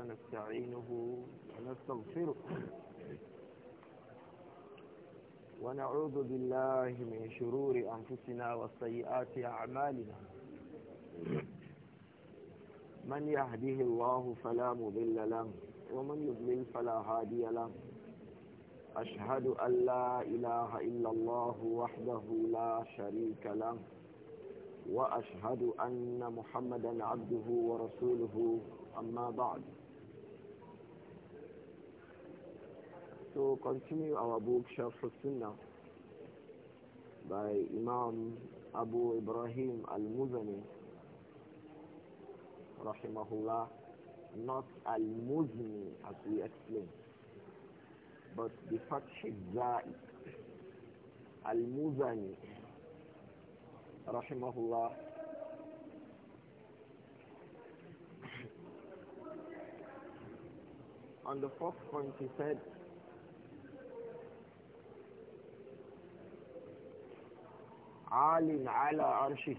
ونستعينه ونستغفره ونعوذ بالله من شرور أنفسنا وسيئات أعمالنا من يهديه الله فلا مضل له ومن يضلل فلا هادي له أشهد أن لا إله إلا الله وحده لا شريك له وأشهد أن محمدا عبده ورسوله أما بعد to continue our book Sharf Sunnah by Imam Abu Ibrahim Al-Muzani Rahimahullah not Al-Muzni as we explained but the Fathid Za'i Al-Muzani Rahimahullah on the fourth point he said عال على عرشه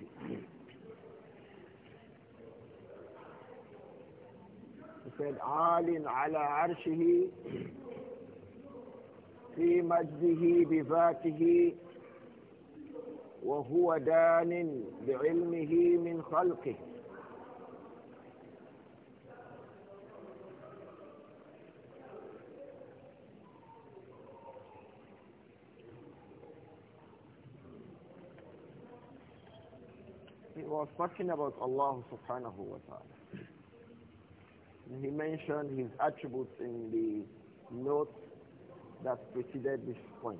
يقول عال على عرشه في مجده بذاته وهو دان بعلمه من خلقه was talking about Allah subhanahu wa ta'ala. He mentioned his attributes in the note that preceded this point.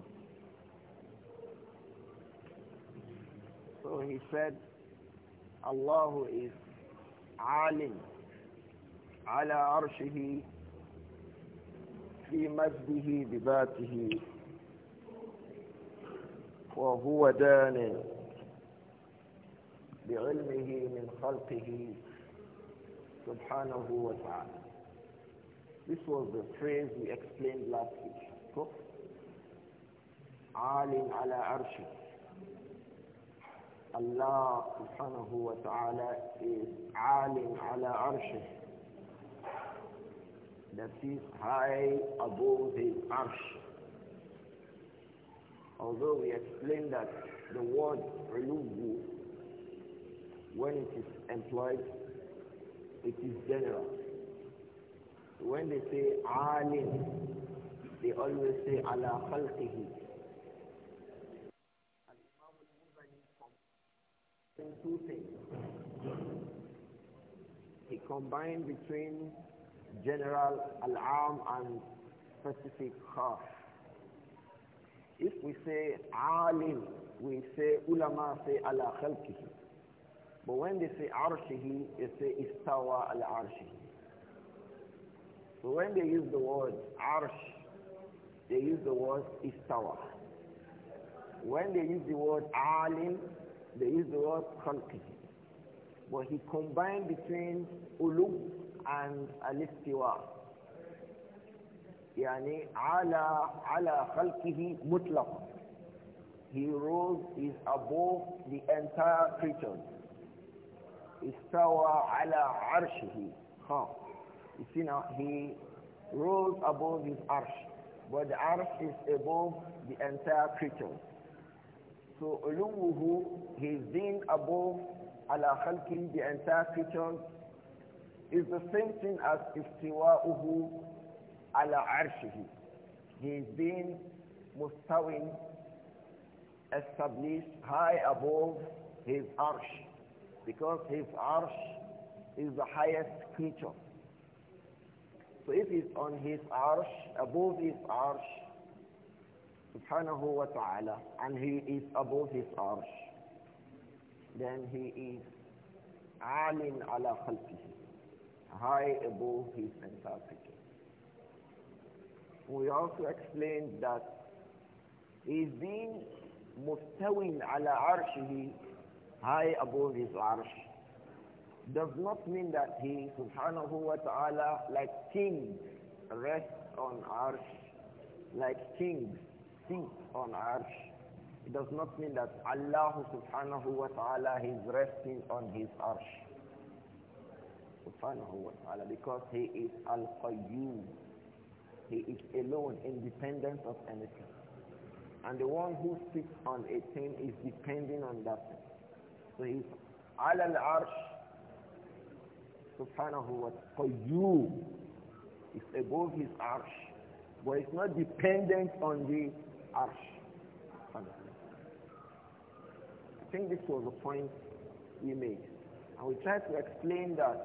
So he said, Allah is Alim ala arshihi fi mazdihi bi wa huwa danin بعلمه من خلقه سبحانه وتعالى This was the phrase we explained last week. عالم على عرشه Allah subhanahu wa ta'ala is alim ala arshih. That is high above his arsh. Although we explained that the word ulubu when it is employed, it is general. When they say alim, they always say ala khalqihi. Two things. He combined between general al-am and specific khaf. If we say alim, we say ulama say ala khalqihi. But when they say arshihi, they say istawa al arshihi. So when they use the word arsh, they use the word istawa. When they use the word alim, they use the word khalqi. But he combined between ulu and al Yani ala, ala khalqihi mutlaq. He rose, is above the entire creatures istawa ala arshihi. Huh. You see now, he rose above his arsh. But the arsh is above the entire creature. So he his being above ala khalqi, the entire creature, is the same thing as istiwa'uhu ala arshihi. He has being mustawin, established high above his arsh because his arsh is the highest creature. So if it's on his arsh, above his arsh, subhanahu wa ta'ala, and he is above his arsh, then he is alin ala khalqihi, high above his entire creature. We also explained that that is being mustawin ala arshihi high above his arsh does not mean that he subhanahu wa ta'ala like kings rests on arsh like kings sits on arsh it does not mean that Allah subhanahu wa ta'ala is resting on his arsh subhanahu wa ta'ala because he is al-qayyum he is alone independent of anything and the one who sits on a thing is depending on that thing so he's ala al-arsh subhanahu above his arch, But it's not dependent on the arch. I think this was the point we made. And we tried to explain that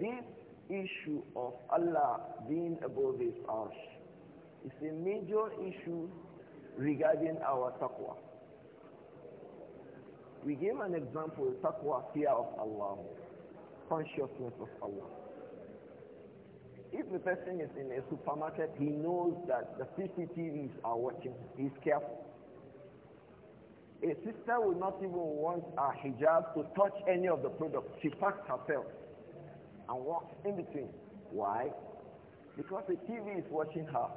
this issue of Allah being above his arch is a major issue regarding our taqwa. We gave an example, taqwa, fear of Allah, consciousness of Allah. If the person is in a supermarket, he knows that the CCTVs are watching. He's careful. A sister will not even want a hijab to touch any of the products. She packs herself and walks in between. Why? Because the TV is watching her.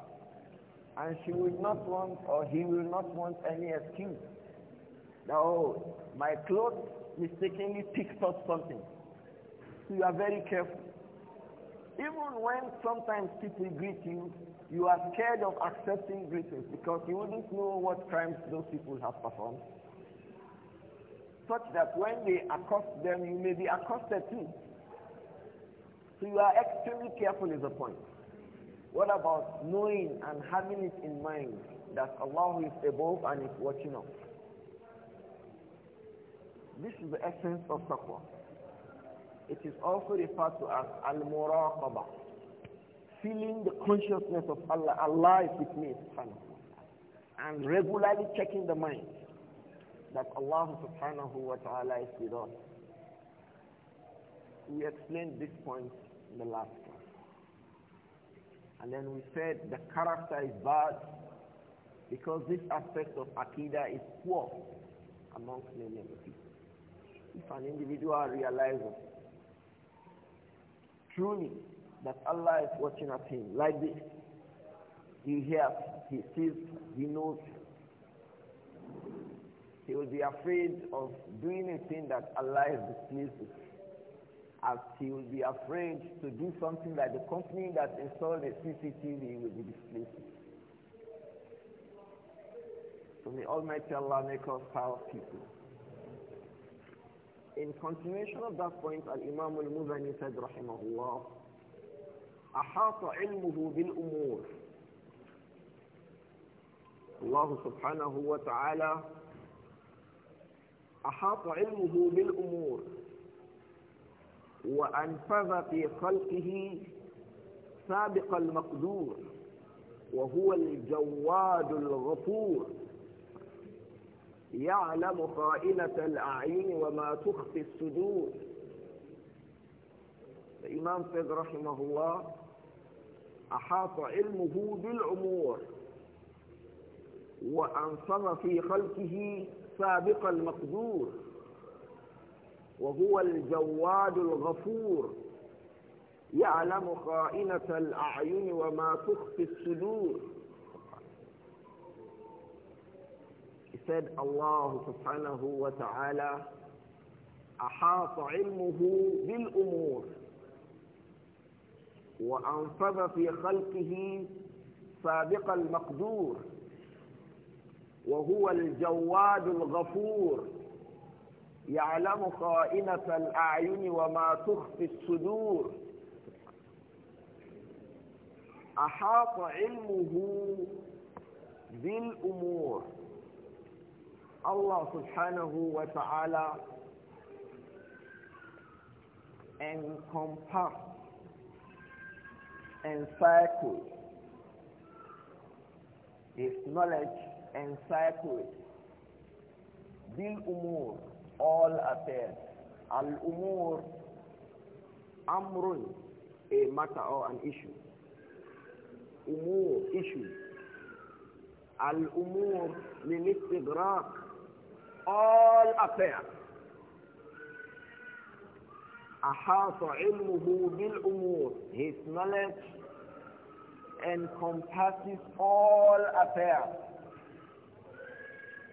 And she will not want or he will not want any excuse. Now, oh, my clothes mistakenly picked up something. So you are very careful. Even when sometimes people greet you, you are scared of accepting greetings because you wouldn't know what crimes those people have performed. Such that when they accost them, you may be accosted too. So you are extremely careful is the point. What about knowing and having it in mind that Allah is above and is watching us? This is the essence of taqwa. It is also referred to as al-muraqaba. Feeling the consciousness of Allah. Allah with me, And regularly checking the mind that Allah subhanahu wa ta'ala is with us. We explained this point in the last class. And then we said the character is bad because this aspect of Aqidah is poor amongst many of the people if an individual realizes truly that Allah is watching at him like this, he hears, he sees, he knows, he will be afraid of doing a thing that Allah is displeased with. As he will be afraid to do something that the company that installed the CCTV will be displeased with. So may Almighty Allah make us power people. in continuation of that point, Al-Imam Al-Muzani said, rahimahullah, أحاط علمه بالأمور الله سبحانه وتعالى أحاط علمه بالأمور وأنفذ في خلقه سابق المقدور وهو الجواد الغفور يعلم خائنة الأعين وما تخفي الصدور الإمام فيض رحمه الله أحاط علمه بالأمور وأنصر في خلقه سابق المقدور وهو الجواد الغفور يعلم خائنة الأعين وما تخفي الصدور said Allah subhanahu wa ta'ala أحاط علمه بالأمور وأنفذ في خلقه سابق المقدور وهو الجواد الغفور يعلم خائنة الأعين وما تخفي الصدور أحاط علمه بالأمور Allah subhanahu wa ta'ala and encircled, his knowledge encircled, bil umur, all affairs, al umur, amrun, a matter or an issue, umur, issue, al umur, lil istigraq, all affairs. أحاط علمه بالأمور His knowledge encompasses all affairs.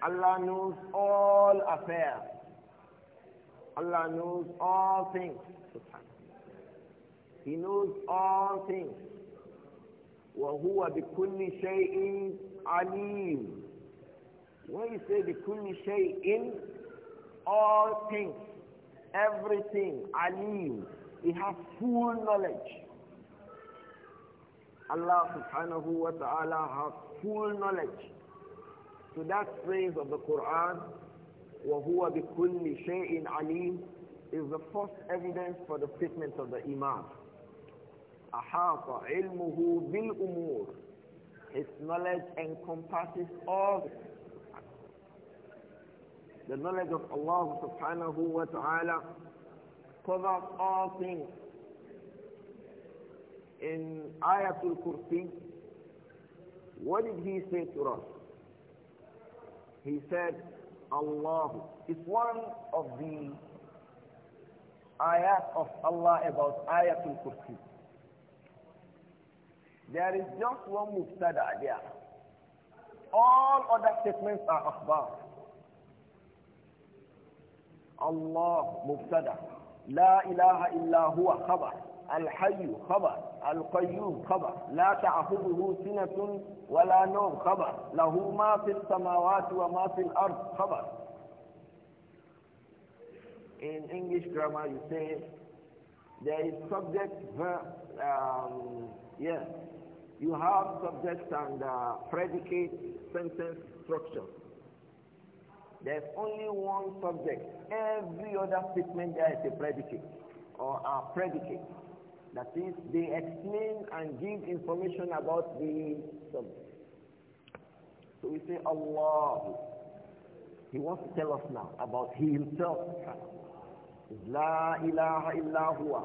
Allah knows all affairs. Allah knows all things. He knows all things. وهو بكل شيء عليم when you say the kulli in all things, everything, alim, he has full knowledge. Allah subhanahu wa ta'ala has full knowledge. So that phrase of the Quran, وَهُوَ بِكُلِّ شَيْءٍ alim, is the first evidence for the statement of the Imam. أَحَاطَ عِلْمُهُ بِالْأُمُورِ His knowledge encompasses all the knowledge of Allah subhanahu wa ta'ala covers all things. In Ayatul Kursi, what did he say to us? He said, Allah. is one of the ayat of Allah about Ayatul Kursi. There is just one muftada there. All other statements are akhbar. الله مبتدا لا إله إلا هو خبر الحي خبر القيوم خبر لا تعهده سنة ولا نوم خبر له ما في السماوات وما في الأرض خبر In English grammar you say there is subject verb um, yes you have subject and uh, predicate sentence structure There's only one subject. Every other statement there is a predicate or a predicate. That is, they explain and give information about the subject. So we say Allah. He wants to tell us now about He Himself. La ilaha illa huwa.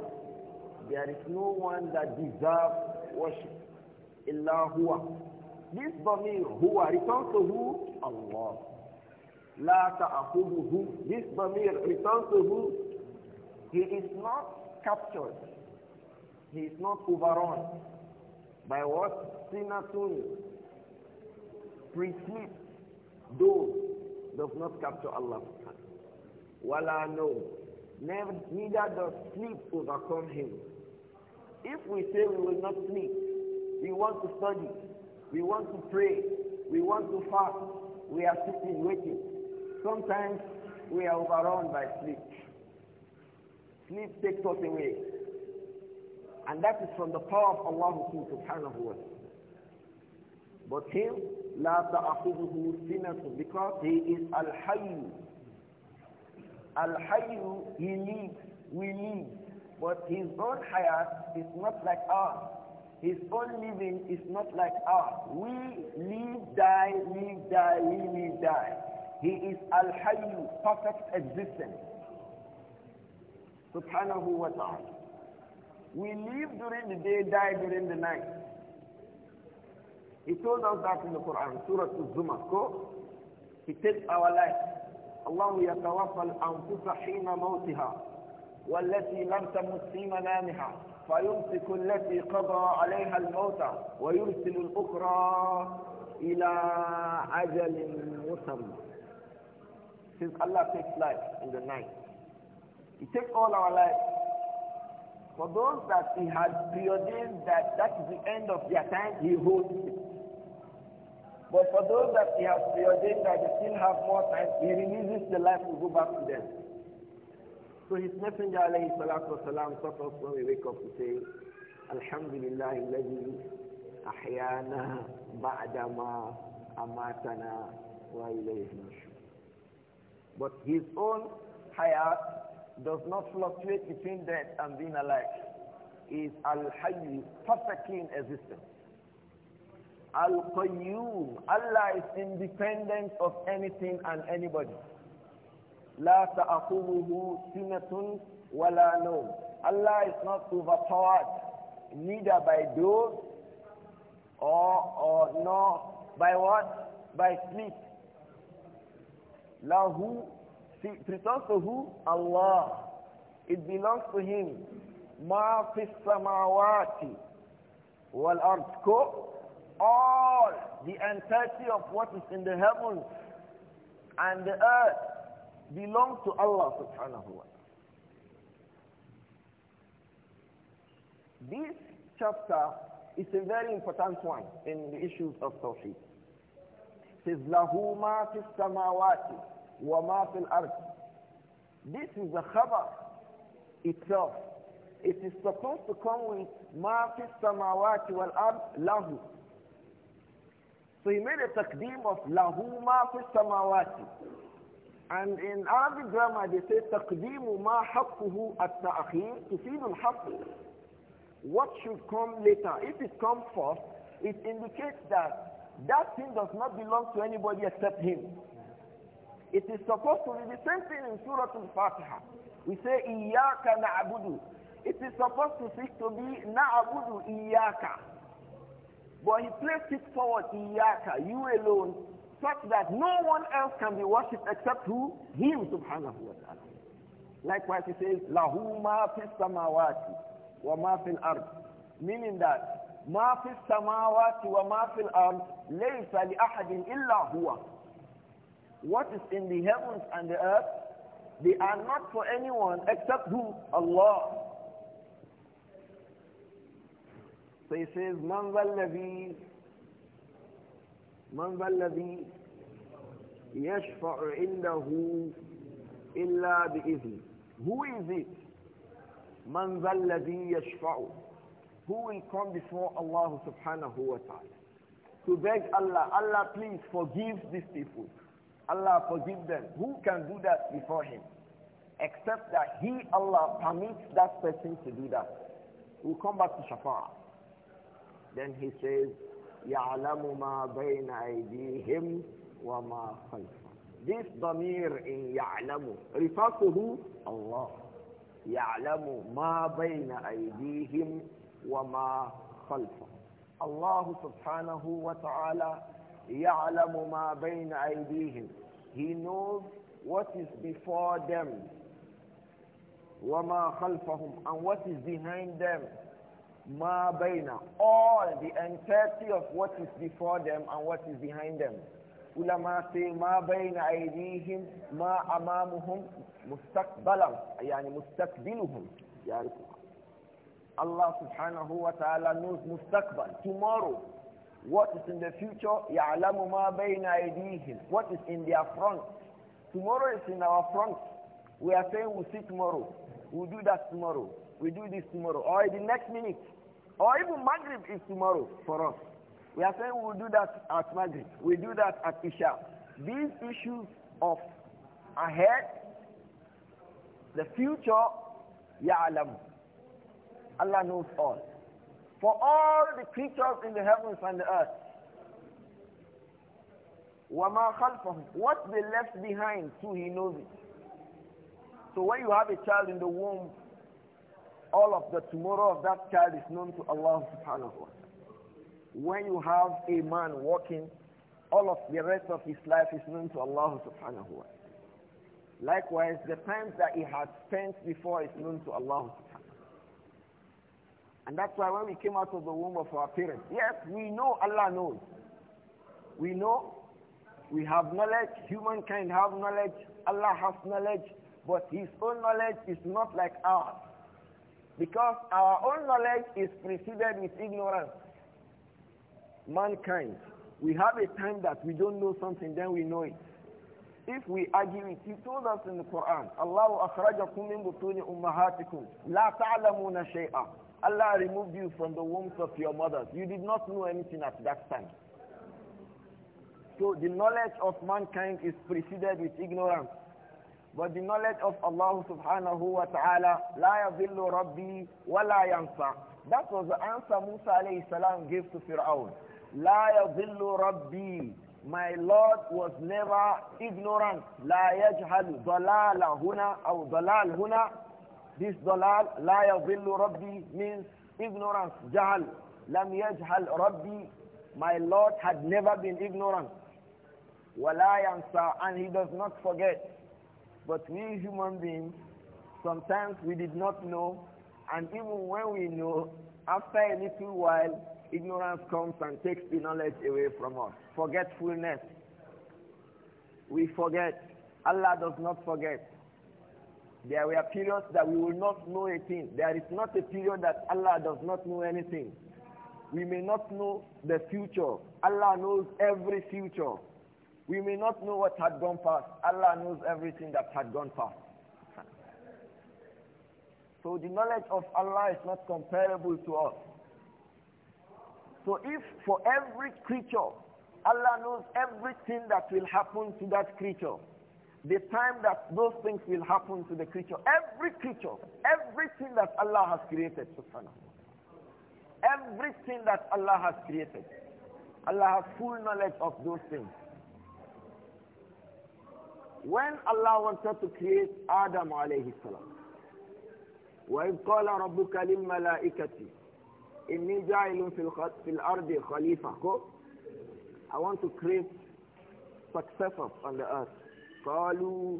There is no one that deserves worship. Illa huwa. This Bamir, huwa, returns to who? Allah. لا تأخذه This Bamir returns to who? He is not captured. He is not overrun by what? Sinatun. Pre-sleep. Those does not capture Allah. Wala no. Never, neither does sleep overcome him. If we say we will not sleep, we want to study, we want to pray, we want to fast, we are sitting waiting. Sometimes we are overrun by sleep. Sleep takes us away. And that is from the power of Allah subhanahu wa ta'ala. But him, لا تأخذه سنة because he is al-hayy. Al-hayy, he lives, we live. But his own hayat is not like ours. His own living is not like ours. We live, die, live, die, we live, die. He is Al-Hayy, perfect existence. Subhanahu wa ta'ala. We live during the day, die during the night. He told us that in the Quran, Surah Al-Zumar. Go. He takes our life. الله يتوفى anfusa حين موتها والتي لم تمت في منامها فيمسك التي قضى عليها الموت ويرسل الأخرى إلى أجل مسمى Since Allah takes life in the night. He takes all our life. For those that He has preordained that that is the end of their time, He holds it. But for those that He has preordained that they still have more time, He releases the life to go back to them. So His Messenger alayhi salatu wasalam taught us when we wake up to say, Alhamdulillah, الذي أحيانا بعدما أماتنا وإليه النشور. But his own hayat does not fluctuate between death and being alive. He is al-hayy, perfectly in existence. Al-Qayyum, Allah is independent of anything and anybody. La تأخذه sinatun ولا نوم. Allah is not overpowered neither by those or, or nor by what? By sleep. Lahu, it belongs to who? Allah. It belongs to Him. Ma fis samawati wal ardko. All the entirety of what is in the heavens and the earth belongs to Allah subhanahu wa ta'ala. This chapter is a very important one in the issues of Tawheed. says, lahu ma fi samawati wa ma al ard. This is the khabar itself. It is supposed to come with ma fi samawati wal ard lahu. So he made a takdim of lahu ma fi samawati. And in Arabic grammar they say تقديم ما حقه التأخير تفيد الحق. What should come later? If it comes first, it indicates that that thing does not belong to anybody except him. It is supposed to be the same thing in Surah Al-Fatiha. We say, Iyaka na'budu. It is supposed to, seek to be na'budu Iyaka. But he placed it forward, Iyaka, you alone, such that no one else can be worshipped except who? Him, subhanahu wa ta'ala. Likewise, he says, Lahu ma fis samawati wa ma fil ard. Meaning that ma fi samawati wa ma fi al-ard laysa li illa huwa what is in the heavens and the earth they are not for anyone except who Allah so he says man wal ladhi man wal ladhi yashfa'u indahu illa bi idhni who is it man wal ladhi yashfa'u who will come before Allah subhanahu wa ta'ala to beg Allah, Allah please forgive these people. Allah forgive them. Who can do that before him? Except that he, Allah, permits that person to do that. We'll come back to Shafa'ah. Then he says, يَعْلَمُ مَا بَيْنَ أَيْدِيهِمْ وَمَا خَلْفَهُمْ This damir in يَعْلَمُ refers to who? Allah. يَعْلَمُ مَا بَيْنَ أَيْدِيهِمْ وما خلفه الله سبحانه وتعالى يعلم ما بين أيديهم He knows what is before them وما خلفهم and what is behind them ما بين all the entirety of what is before them and what is behind them علماء say ما بين أيديهم ما أمامهم مستقبلا يعني مستقبلهم يعني Allah subhanahu wa ta'ala knows mustakbal tomorrow. What is in the future, يَعْلَمُ مَا بَيْنَ أَيْدِيهِمْ What is in their front. Tomorrow is in our front. We are saying we'll see tomorrow. We'll do that tomorrow. We we'll do this tomorrow. Or the next minute. Or even Maghrib is tomorrow for us. We are saying we'll do that at Maghrib. we we'll do that at Isha. These issues of ahead, the future, يَعْلَمُ Allah knows all. For all the creatures in the heavens and the earth, وَمَا خَلْفَهُمْ What they left behind too, He knows it. So when you have a child in the womb, all of the tomorrow of that child is known to Allah subhanahu wa ta'ala. When you have a man walking, all of the rest of his life is known to Allah subhanahu wa ta'ala. Likewise, the times that he has spent before is known to Allah and that's why when we came out of the womb of our parents, yes, we know Allah knows. We know, we have knowledge, humankind have knowledge, Allah has knowledge, but His own knowledge is not like ours. Because our own knowledge is preceded with ignorance. Mankind, we have a time that we don't know something, then we know it. If we argue it, He told us in the Quran, Allah akhrajakum min butuni ummahatikum, la ta'lamuna shay'a. Allah removed you from the wombs of your mothers. You did not know anything at that time. So the knowledge of mankind is preceded with ignorance. But the knowledge of Allah subhanahu wa ta'ala, لا yadhillu rabbi ولا la That was the answer Musa alayhi salam gave to Fir'aun. لا yadhillu rabbi. My Lord was never ignorant. لا يَجْهَلُ dalala huna aw dalal huna this dalal, la yadhillu rabbi, means ignorance, jahl. Lam yajhal rabbi, my Lord had never been ignorant. Wala yansa, and he does not forget. But we human beings, sometimes we did not know, and even when we know, after a little while, ignorance comes and takes the knowledge away from us. Forgetfulness. We forget. Allah does not forget. There were periods that we will not know a thing. There is not a period that Allah does not know anything. We may not know the future. Allah knows every future. We may not know what had gone past. Allah knows everything that had gone past. So the knowledge of Allah is not comparable to us. So if for every creature, Allah knows everything that will happen to that creature, the time that those things will happen to the creature, every creature, everything that Allah has created, subhanahu everything that Allah has created, Allah has full knowledge of those things. When Allah wanted to create Adam alayhi salam, وَإِذْ قَالَ رَبُّكَ لِلْمَلَائِكَةِ إِنِّي جَعِلٌ فِي الْأَرْضِ خَلِيفَةً I want to create successors on the earth. قالوا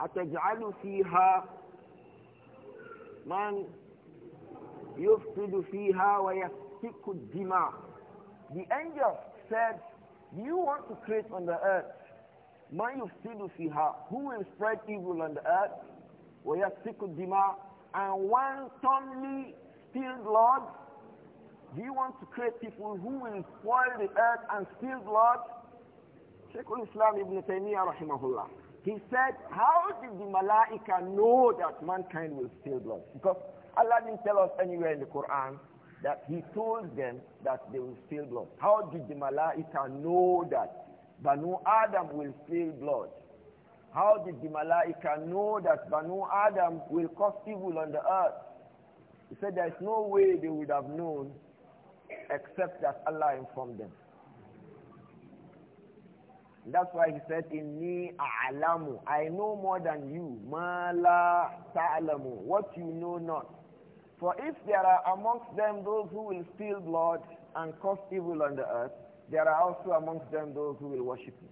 أتجعل فيها من يفسد فيها ويسفك الدماء The angel said, Do you want to create on the earth man yufsidu fiha who will spread evil on the earth ويسفك الدماء and wantonly steal blood? Do you want to create people who will spoil the earth and steal blood? sheik al-Islam ibn Taymiyyah rahimahullah, he said, how did the malaika know that mankind will spill blood? Because Allah didn't tell us anywhere in the Quran that he told them that they will spill blood. How did the malaika know that Banu Adam will spill blood? How did the malaika know that Banu Adam will cause evil on the earth? He said there is no way they would have known except that Allah informed them. That's why he said, Inni a'lamu. I know more than you. Ma la ta'lamu. What you know not. For if there are amongst them those who will steal blood and cause evil on the earth, there are also amongst them those who will worship me.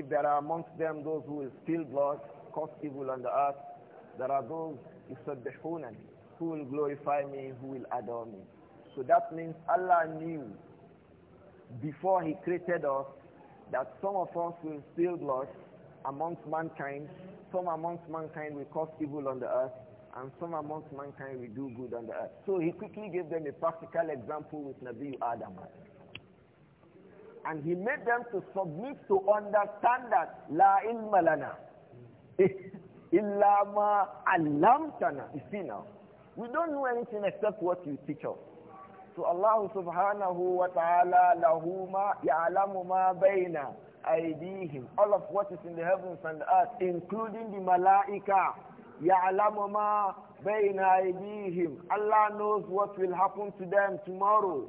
If there are amongst them those who will steal blood, cause evil on the earth, there are those يسبحونني who will glorify me, who will adore me. So that means Allah knew before he created us that some of us will still blush amongst mankind, some amongst mankind will cause evil on the earth, and some amongst mankind will do good on the earth. So he quickly gave them a practical example with Nabi Adam. And he made them to submit to understand that La ilaha illallah, Allah ma alamtana. You see now, we don't know anything except what you teach us to Allah subhanahu wa ta'ala lahuma ya'lamu ma baina aydihim all of what is in the heavens and the earth including the malaika ya'lamu ma baina aydihim Allah knows what will happen to them tomorrow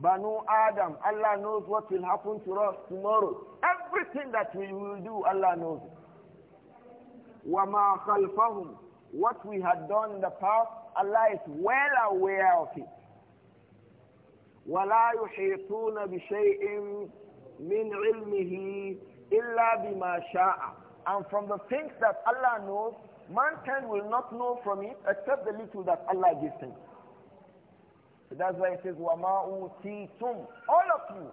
Banu Adam Allah knows what will happen to us tomorrow everything that we will do Allah knows wa ma khalfahum what we had done in the past Allah is well aware of it ولا يحيطون بشيء من علمه إلا بما شاء and from the things that Allah knows mankind will not know from it except the little that Allah gives him so that's why it says وَمَا أُوتِيتُمْ all of you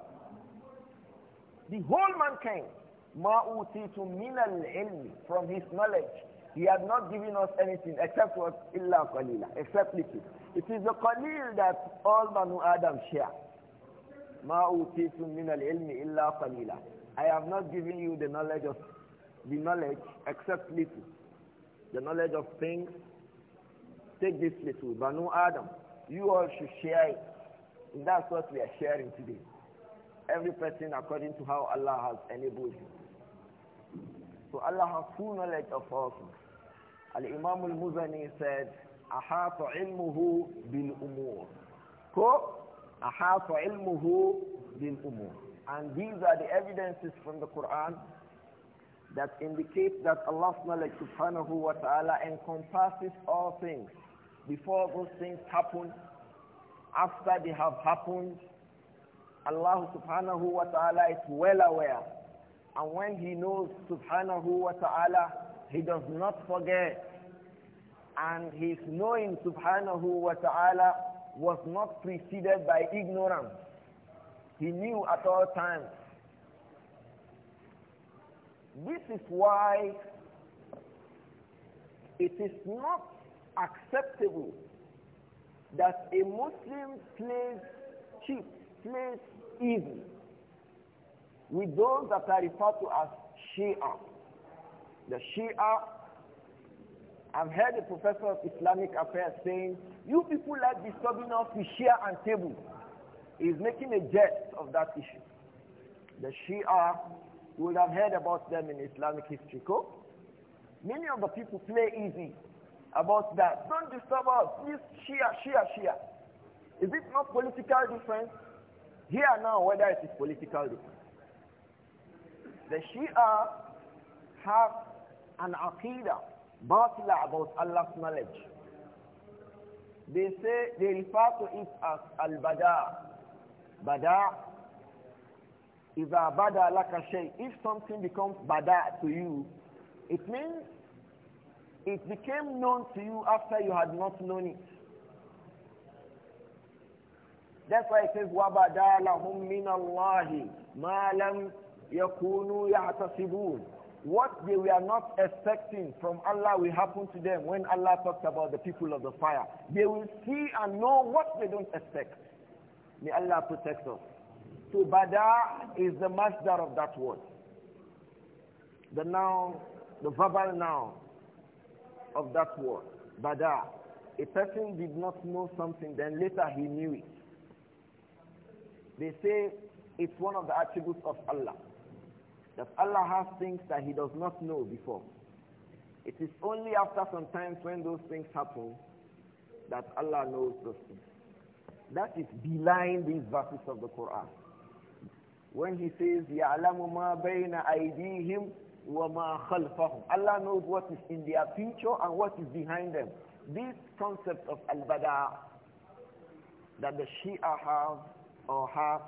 the whole mankind مَا أُوتِيتُمْ مِنَ الْعِلْمِ from his knowledge he had not given us anything except what إِلَّا قَلِيلًا except little it is the qalil that all Banu Adam share. مَا min al ilmi illa قَلِيلًا I have not given you the knowledge of the knowledge except little. The knowledge of things, take this little. Banu Adam, you all should share it. And that's what we are sharing today. Every person according to how Allah has enabled him. So Allah has full knowledge of all things. Al-Imam al-Muzani said, ahata ilmuhu bil umur. Ko ahata ilmuhu bil umur. And these are the evidences from the Quran that indicate that Allah subhanahu wa ta'ala encompasses all things before those things happen, after they have happened, Allah subhanahu wa ta'ala is well aware. And when he knows subhanahu wa ta'ala, he does not forget and his knowing subhanahu wa ta'ala was not preceded by ignorance. He knew at all times. This is why it is not acceptable that a Muslim plays cheap, plays evil with those that are referred to as Shia. The Shia I've heard a professor of Islamic affairs saying, you people like disturbing us with Shia and table. He's making a jest of that issue. The Shia, you would have heard about them in Islamic history. Cool? Many of the people play easy about that. Don't disturb us. Please, Shia, Shia, Shia. Is it not political difference? Here now, whether it is political difference. The Shia have an aqidah batila about Allah's knowledge. They say they refer to it as al-bada. Bada is a bada laka shay. If something becomes bada to you, it means it became known to you after you had not known it. That's why it says وَبَدَا لَهُم مِّنَ اللَّهِ مَا لَمْ يَكُونُوا يَعْتَصِبُونَ what they were not expecting from Allah will happen to them when Allah talks about the people of the fire. They will see and know what they don't expect. May Allah protect us. So bada is the master of that word. The noun, the verbal noun of that word, bada. A person did not know something, then later he knew it. They say it's one of the attributes of Allah. That Allah has things that he does not know before. It is only after some times when those things happen that Allah knows those things. That is belying these verses of the Quran. When he says, يَعْلَمُ مَا بَيْنَ أَيْدِيهِمْ وَمَا خَلْفَهُمْ Allah knows what is in their future and what is behind them. This concept of al-bada that the Shia have or have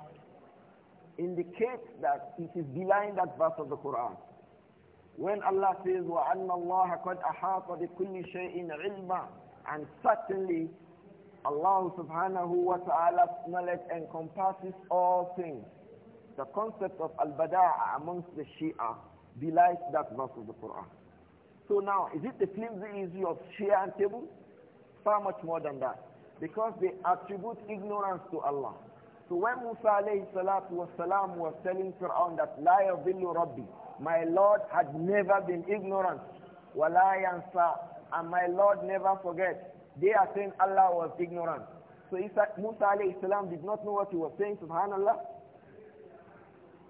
indicates that it is belied that verse of the Quran. When Allah says, وَأَنَّ اللَّهَ قَدْ أَحَاطَ بِكُلِّ شَيْءٍ عِلْمًا And certainly, Allah subhanahu wa ta'ala's knowledge encompasses all things. The concept of al-bada'a amongst the Shia belies that verse of the Quran. So now, is it the flimsy issue of Shia and table? Far much more than that. Because they attribute ignorance to Allah. So when Musa alayhi salatu was, salam, was telling Fir'aun that La yadhillu Rabbi, my Lord had never been ignorant, wa la yansa, and my Lord never forget. They are saying Allah was ignorant. So Musa alayhi salam did not know what he was saying, subhanallah.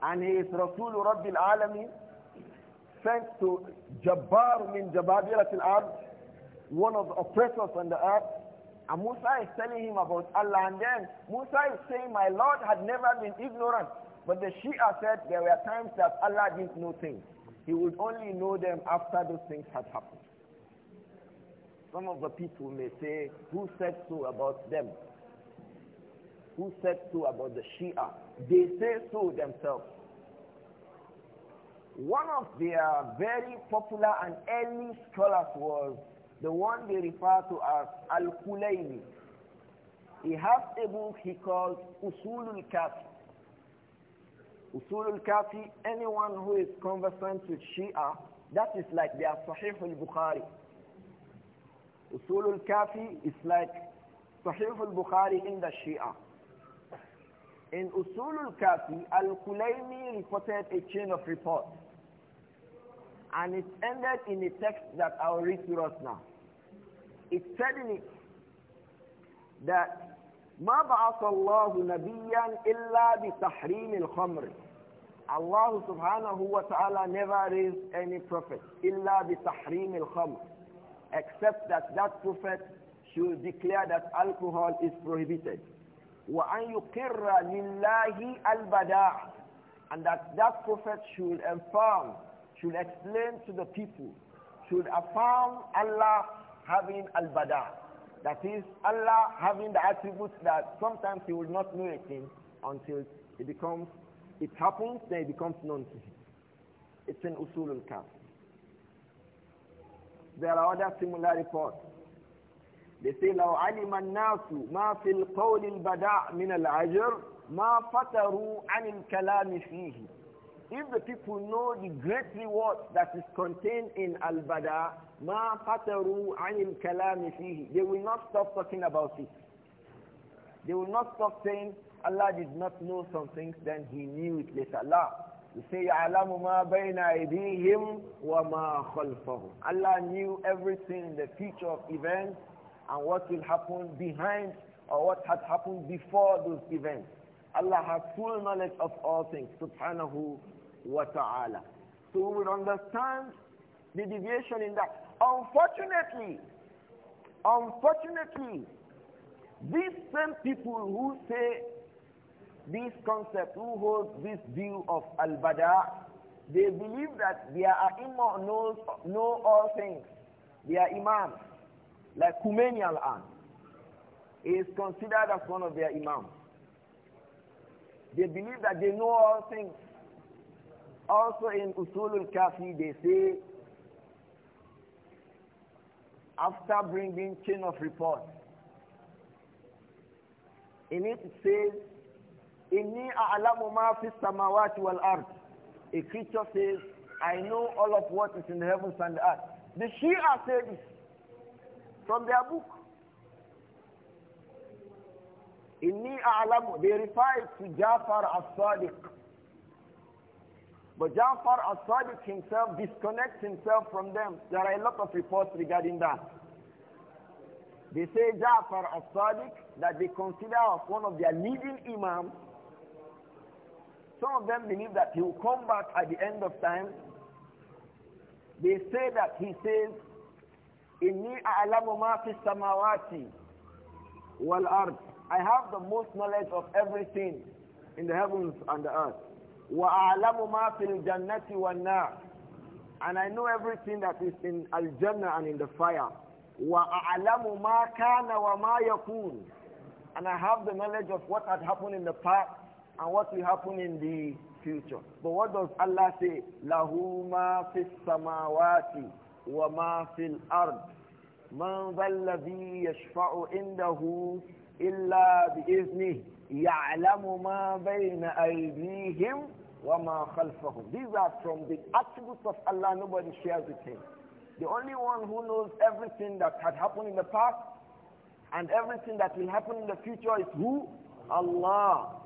And he is Rasul Rabbil Alameen, sent to Jabbar min Jababirat al-Ard, one of the oppressors on the earth, and Musa is telling him about Allah. And then Musa is saying, my Lord had never been ignorant. But the Shia said there were times that Allah didn't know things. He would only know them after those things had happened. Some of the people may say, who said so about them? Who said so about the Shia? They say so themselves. One of their very popular and early scholars was the one they refer to as Al-Kulayni. He has a book he calls Usulul Kafi. Usulul Kafi, anyone who is conversant with Shia, that is like their Sahih al-Bukhari. Usulul Kafi is like Sahih al-Bukhari in the Shia. In Usulul Kafi, Al-Kulayni reported a chain of reports. And it ended in a text that I'll read to us now. It said in it that ما بعث الله نبيا إلا بتحريم الخمر Allah subhanahu wa ta'ala never raised any prophet إلا بتحريم الخمر except that that prophet should declare that alcohol is prohibited وأن يقر لله البداع and that that prophet should inform should explain to the people, should affirm Allah having al-bada. That is, Allah having the attributes that sometimes he will not know a thing until it becomes, it happens, then it becomes known to him. It's an usul al-kaf. There are other similar reports. They say, لو علم الناس ما في القول البداء من العجر ما فتروا عن الكلام فيه if the people know the great reward that is contained in Al-Bada, ma fataru anil kalami fihi. They will not stop talking about it. They will not stop saying, Allah did not know some things, then he knew it later. Allah, you say, يَعْلَمُ مَا بَيْنَ أَيْدِيهِمْ وَمَا خَلْفَهُمْ Allah knew everything in the future of events and what will happen behind or what had happened before those events. Allah has full knowledge of all things, subhanahu wa ta'ala. So we will understand the deviation in that. Unfortunately, unfortunately, these same people who say this concept, who hold this view of al-bada, they believe that their imam knows know all things. Their imam, like Khomeini al-An, is considered as one of their imams. They believe that they know all things. Also in Usulul Kafi, they say, after bringing chain of report, in it says, Inni a'lamu ma fi samawati wal ard. A creature says, I know all of what is in the heavens and the earth. The Shia says this from their book. Inni a'lamu. They refer to Jafar as-Sadiq. But Ja'far al-Sadiq himself disconnects himself from them. There are a lot of reports regarding that. They say Ja'far al-Sadiq that they consider as one of their leading imams. Some of them believe that he will come back at the end of time. They say that he says, إِنِّي أَعْلَمُ مَا samawati wal وَالْأَرْضِ I have the most knowledge of everything in the heavens and the earth ma fil jannati الْجَنَّةِ وَالنَّارِ And I know everything that is in Al-Jannah and in the fire. وَأَعْلَمُ مَا wa ma yakun, And I have the knowledge of what had happened in the past and what will happen in the future. But what does Allah say? لَهُ samawati wa السَّمَاوَاتِ وَمَا فِي الْأَرْضِ مَنْ ذَا الَّذِي indahu illa bi بِإِذْنِهِ يَعْلَمُ مَا بَيْنَ أَيْدِيهِمْ وَمَا These are from the attributes of Allah nobody shares with him. The only one who knows everything that had happened in the past and everything that will happen in the future is who? Allah.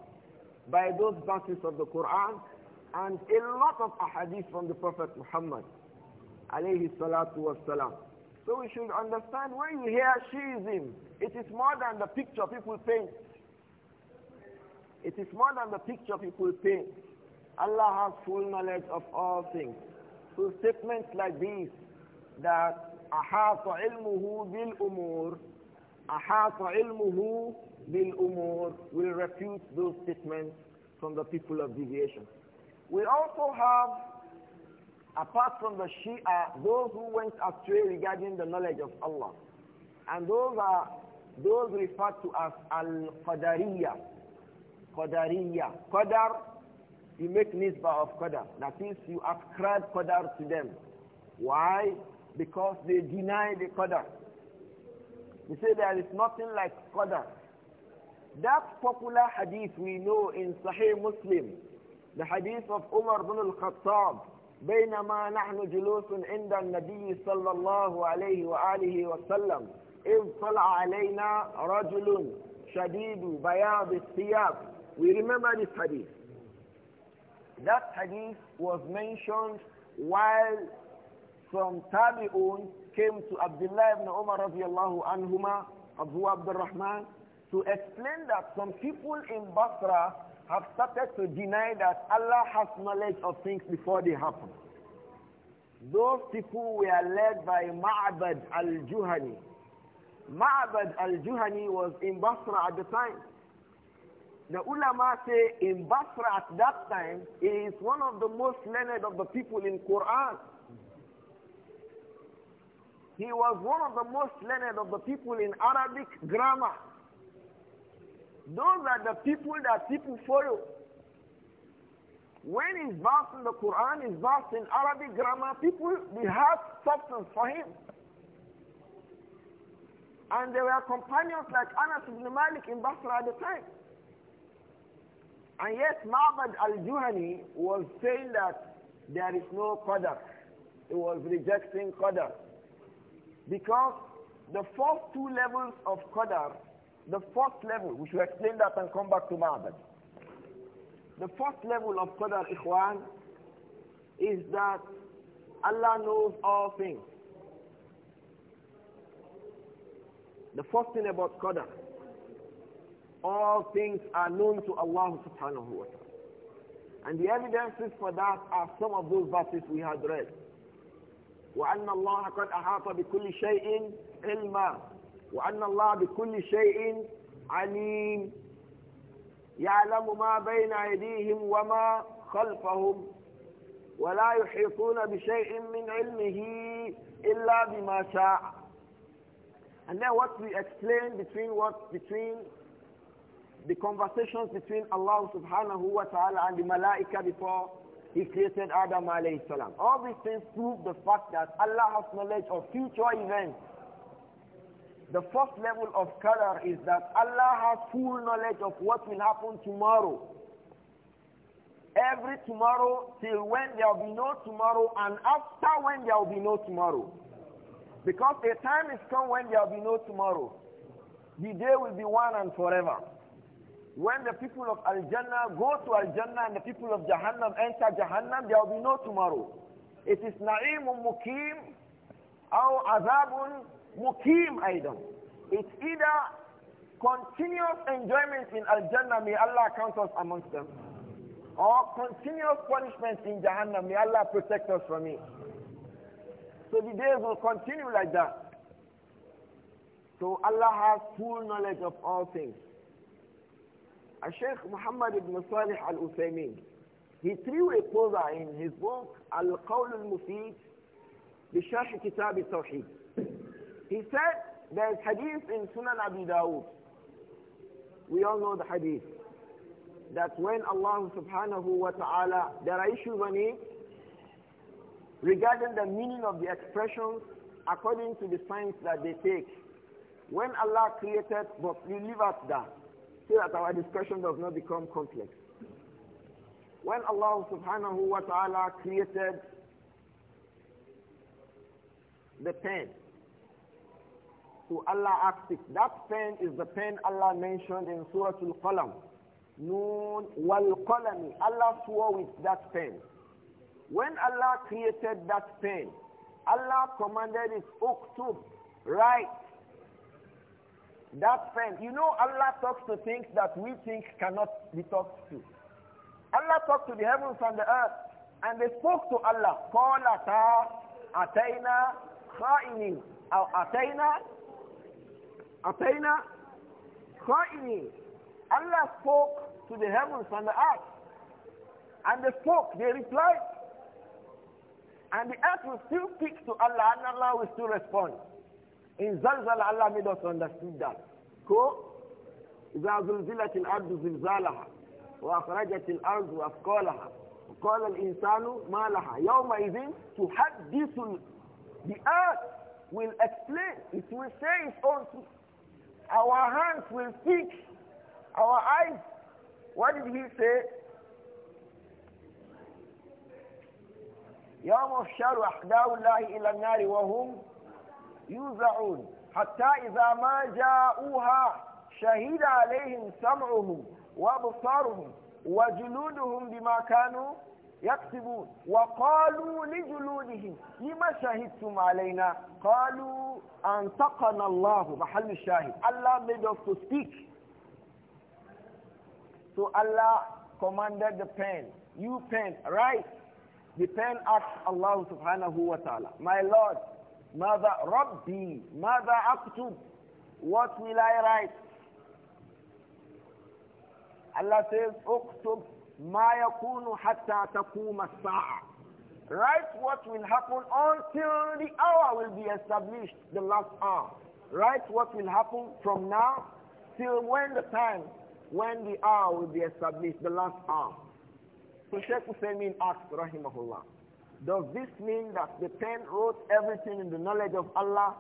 By those verses of the Quran and a lot of ahadith from the Prophet Muhammad alayhi salatu wasalam. So we should understand when you hear Shiism, it is more than the picture people paint. It is more than the picture people paint. Allah has full knowledge of all things. So statements like these that ahata علمه bil umur, علمه بالامور, bil umur will refute those statements from the people of deviation. We also have, apart from the Shia, those who went astray regarding the knowledge of Allah. And those are those referred to as al-Qadariyah. Qadariyah. Qadar you make nisba of qadar. That is, you ascribe qadar to them. Why? Because they deny the qadar. You say there is nothing like qadar. That popular hadith we know in Sahih Muslim, the hadith of Umar bin al-Khattab, بينما نحن جلوس عند النبي صلى الله عليه وآله وسلم إذ طلع علينا رجل شديد بياض الثياب. We remember this hadith. That hadith was mentioned while from Tabi'un came to Abdullah ibn Umar radiallahu anhuma, Abu Abdurrahman, to explain that some people in Basra have started to deny that Allah has knowledge of things before they happen. Those people were led by Ma'bad al-Juhani. Ma'bad al-Juhani was in Basra at the time. The ulama say in Basra at that time, he is one of the most learned of the people in Quran. He was one of the most learned of the people in Arabic grammar. Those are the people that people follow. When he's versed in the Quran, he's versed in Arabic grammar, people, they have substance for him. And there were companions like Anas ibn Malik in Basra at the time. And yet Ma'bad al-Juhani was saying that there is no Qadr. He was rejecting Qadr. Because the first two levels of Qadr, the first level, we should explain that and come back to Ma'bad. The first level of Qadr, Ikhwan, is that Allah knows all things. The first thing about Qadr, all things are known to Allah subhanahu wa ta'ala. And the evidences for that are some of those verses we had read. وأن الله قد أحاط بكل شيء علما وأن الله بكل شيء عليم يعلم ما بين أيديهم وما خلفهم ولا يحيطون بشيء من علمه إلا بما شاء And then what we explain between what between the conversations between Allah subhanahu wa ta'ala and the malaika before he created Adam alayhi salam. All these things prove the fact that Allah has knowledge of future events. The first level of qadar is that Allah has full knowledge of what will happen tomorrow. Every tomorrow till when there will be no tomorrow and after when there will be no tomorrow. Because a time is come when there will be no tomorrow. The day will be one and forever. When the people of Al-Jannah go to Al-Jannah and the people of Jahannam enter Jahannam, there will be no tomorrow. It is na'imun mukim or azabun mukim aidan. It's either continuous enjoyment in Al-Jannah, may Allah count us amongst them, or continuous punishment in Jahannam, may Allah protect us from it. So the days will continue like that. So Allah has full knowledge of all things. Sheikh Muhammad ibn Salih al Uthaymeen, he threw a poza in his book, Al Qawl al Mufid, Bisharh Kitab al Tawheed. He said there is hadith in Sunan Abi Dawud. We all know the hadith. That when Allah subhanahu wa ta'ala, there are issues on it regarding the meaning of the expressions according to the signs that they take. When Allah created, but we leave that so that our discussion does not become complex. When Allah subhanahu wa ta'ala created the pen, so Allah asked it, that pen is the pen Allah mentioned in Surah Al-Qalam. Noon wal qalami. Allah swore with that pen. When Allah created that pen, Allah commanded it, Uktub, write. That friend, you know Allah talks to things that we think cannot be talked to. Allah talked to the heavens and the earth, and they spoke to Allah. Qalata atayna kha'inin. Or atayna, atayna Khaini. Allah spoke to the heavens and the earth. And they spoke, they replied. And the earth will still speak to Allah, and Allah will still respond. In Zalzal, Allah made us understand that. Ko, إذا زلزلت الأرض زلزالها وأخرجت الأرض أثقالها وقال الإنسان ما لها يومئذ تحدث The earth will explain, it will say its own truth. Our hands will speak, our eyes. What did he say? يوم يحشر أحداء الله إلى النار وهم يوزعون حتى إذا ما جاءوها شهد عليهم سمعهم وأبصارهم وجلودهم بما كانوا يكسبون وقالوا لجلودهم لما شهدتم علينا قالوا أنطقنا الله محل الشاهد Allah made us to speak So Allah commanded the pen you pen write the pen asked Allah subhanahu wa ta'ala my Lord ماذا ربي ماذا أكتب what will I write Allah says اكتب ما يكون حتى تقوم الساعة Write what will happen until the hour will be established, the last hour. Write what will happen from now till when the time, when the hour will be established, the last hour. So Sheikh Hussein asked, Rahimahullah, does this mean that the pen wrote everything in the knowledge of Allah?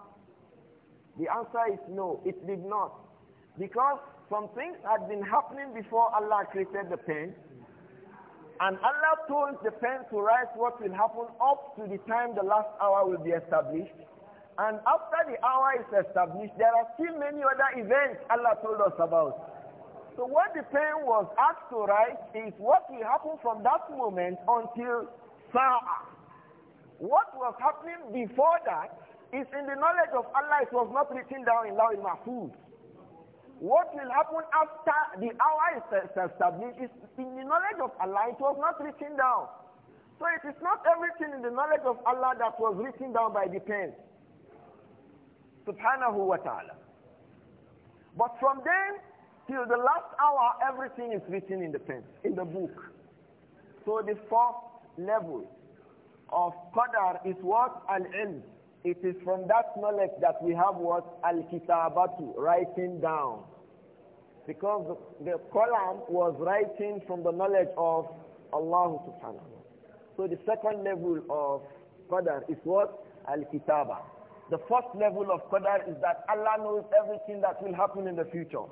The answer is no, it did not. Because some things had been happening before Allah created the pen. And Allah told the pen to write what will happen up to the time the last hour will be established. And after the hour is established, there are still many other events Allah told us about. So what the pen was asked to write is what will happen from that moment until Sa'ah. What was happening before that is in the knowledge of Allah. It was not written down in Law in mahfuz What will happen after the hour is established is in the knowledge of Allah. It was not written down. So it is not everything in the knowledge of Allah that was written down by the pen. Subhanahu wa ta'ala. But from then till the last hour, everything is written in the pen, in the book. So the fourth level of qadar is what? Al-ilm. It is from that knowledge that we have what? Al-kitabatu, writing down. Because the column was writing from the knowledge of Allah subhanahu So the second level of qadar is what? Al-kitaba. The first level of qadar is that Allah knows everything that will happen in the future.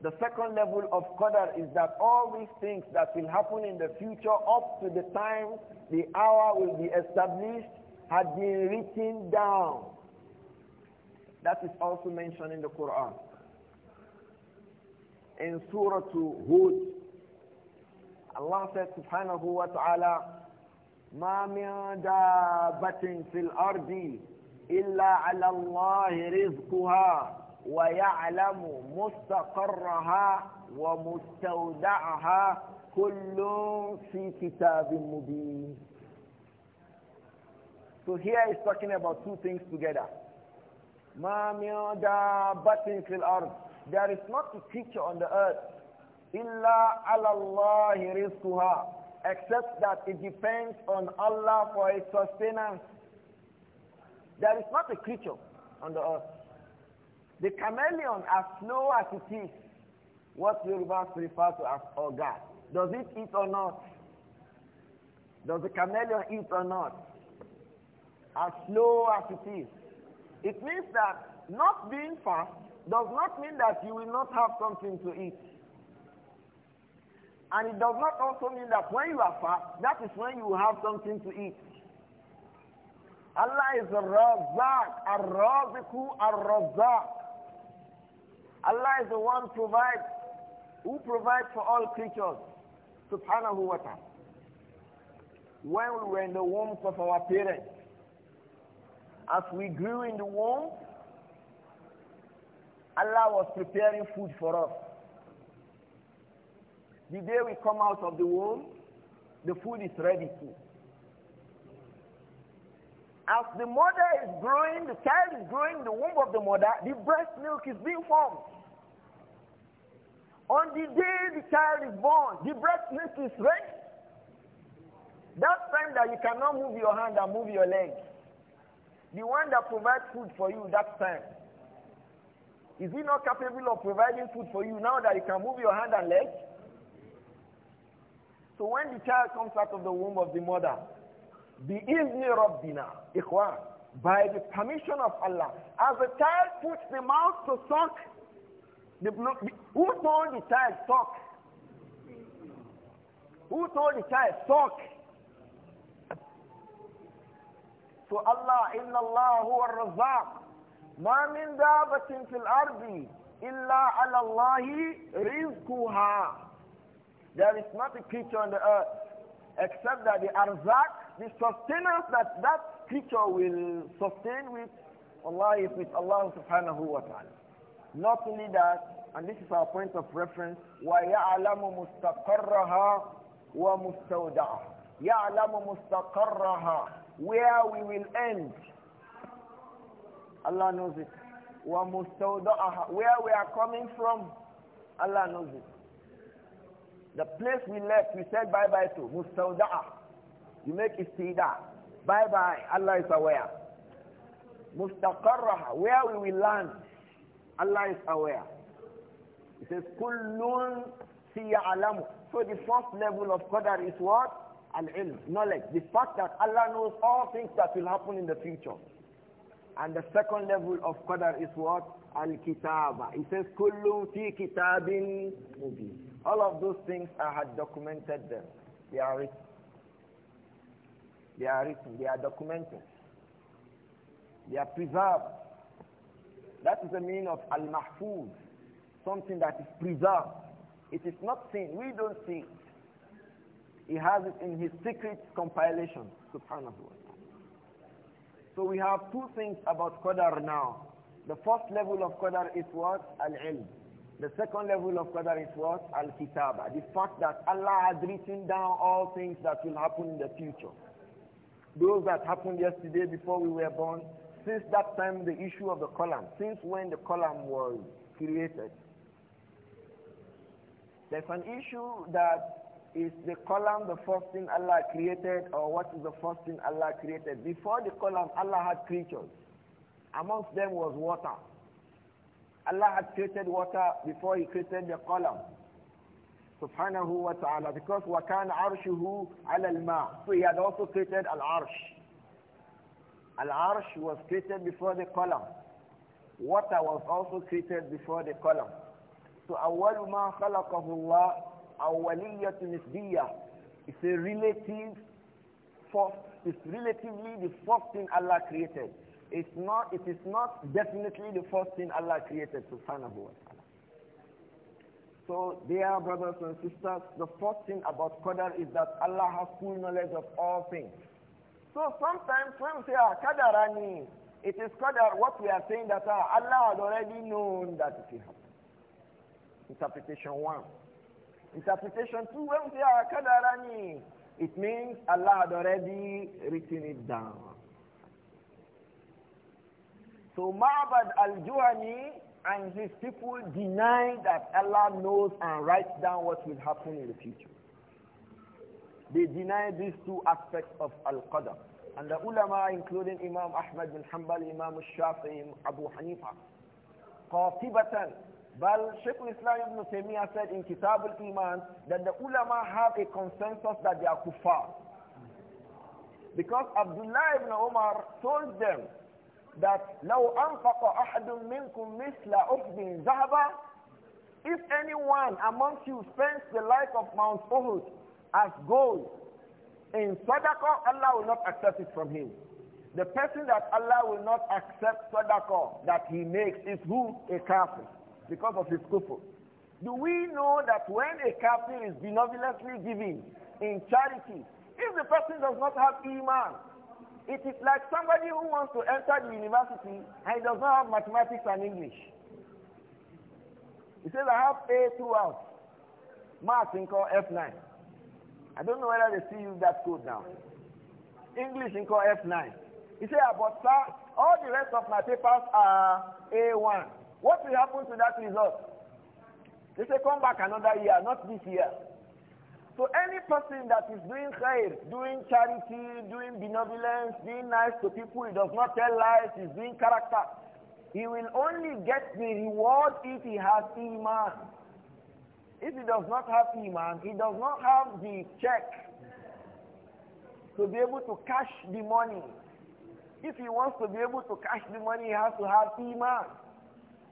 The second level of qadr is that all these things that will happen in the future up to the time the hour will be established had been written down. That is also mentioned in the Quran. In Surah Hud, Allah says subhanahu wa ta'ala, ما من دابة في الأرض إلا على الله رزقها ويعلم مستقرها ومستودعها كل في كتاب مبين So here he's talking about two things together. ما من دابة في الأرض There is not a creature on the earth إلا على الله رزقها except that it depends on Allah for its sustenance. There is not a creature on the earth the chameleon, as slow as it is, what Yorubas refer to as oga, does it eat or not? Does the chameleon eat or not? As slow as it is. It means that not being fast does not mean that you will not have something to eat. And it does not also mean that when you are fast, that is when you will have something to eat. Allah is a Razak, a Raziku, a Razak. Allah is the one provides, who provides for all creatures, subhanahu wa ta'ala. When we were in the wombs of our parents, as we grew in the womb, Allah was preparing food for us. The day we come out of the womb, the food is ready too. As the mother is growing, the child is growing, the womb of the mother, the breast milk is being formed. On the day the child is born, the breast milk is ready. That time that you cannot move your hand and move your leg, the one that provides food for you that time, is he not capable of providing food for you now that you can move your hand and leg? So when the child comes out of the womb of the mother, بِإِذْنِ رَبِّنَا Ikhwan, by the permission of Allah. As a child puts the mouth to suck, the, who told the child suck? Who told the child suck? So Allah, إِنَّ اللَّهُ هُوَ الرَّزَّاقُ مَا مِنْ دَابَةٍ فِي الْأَرْضِ إِلَّا عَلَى اللَّهِ رِزْقُهَا There is not a creature on the earth except that the arzak the sustenance that that creature will sustain with Allah is with Allah subhanahu wa ta'ala. Not only that, and this is our point of reference, وَيَعْلَمُ مُسْتَقَرَّهَا وَمُسْتَوْدَعَهَا يَعْلَمُ مُسْتَقَرَّهَا Where we will end. Allah knows it. وَمُسْتَوْدَعَهَا Where we are coming from, Allah knows it. The place we left, we said bye-bye to, مُسْتَوْدَعَهَا you make it see that. Bye bye. Allah is aware. Mustaqarrah. Where we will land. Allah is aware. He says, Kullun siya'alamu. So the first level of Qadar is what? Al-ilm, knowledge. The fact that Allah knows all things that will happen in the future. And the second level of Qadar is what? Al-kitaba. He says, Kullu fi kitabin All of those things I had documented them. They are written. They are written, they are documented, they are preserved. That is the meaning of al-mahfuz, something that is preserved. It is not seen. We don't see it. He has it in his secret compilation, subhanahu wa So we have two things about Qadar now. The first level of Qadar is what? Al-ilm. The second level of Qadar is what? Al-kitaba. The fact that Allah has written down all things that will happen in the future those that happened yesterday before we were born, since that time the issue of the column, since when the column was created. There's an issue that is the column the first thing Allah created or what is the first thing Allah created. Before the column, Allah had creatures. Amongst them was water. Allah had created water before he created the column subhanahu wa ta'ala because وَكَانَ عَرْشُهُ عَلَى الْمَاءِ So he had also created Al-Arsh. Al-Arsh was created before the column. Water was also created before the column. So أول ما خلقه الله أولية نسبية It's a relative first, it's relatively the first thing Allah created. It's not, it is not definitely the first thing Allah created, subhanahu wa ta'ala. So, dear brothers and sisters, the first thing about Qadar is that Allah has full knowledge of all things. So sometimes when we say, ah, Qadarani, it is Qadar, what we are saying that ah, Allah had already known that it will happen. Interpretation one. Interpretation two, when we say, ah, Qadarani, it means Allah had already written it down. So Ma'bad al-Juhani and his people deny that Allah knows and writes down what will happen in the future. They deny these two aspects of Al-Qadr. And the ulama, including Imam Ahmad bin Hanbal, Imam Shafi'i, Abu Hanifa, qatibatan, But Sheikh Islam ibn Taymiyyah said in Kitab al-Iman that the ulama have a consensus that they are kuffar. Because Abdullah ibn Omar told them that لو أنفق أحد منكم مثل أحد ذهبا if anyone amongst you spends the life of Mount Uhud as gold in sadaqah, Allah will not accept it from him. The person that Allah will not accept sadaqah that he makes is who? A kafir, because of his kufr. Do we know that when a kafir is benevolently giving in charity, if the person does not have iman, it is like somebody who wants to enter the university and he does not have mathematics and English. He says, I have A throughout. Math in call F9. I don't know whether they still use that code now. English in call F9. He said, ah, but sir, all the rest of my papers are A1. What will happen to that result? They say, come back another year, not this year. So any person that is doing khair, doing charity, doing benevolence, being nice to people, he does not tell lies, he's doing character. He will only get the reward if he has iman. If he does not have iman, he does not have the check to be able to cash the money. If he wants to be able to cash the money, he has to have iman.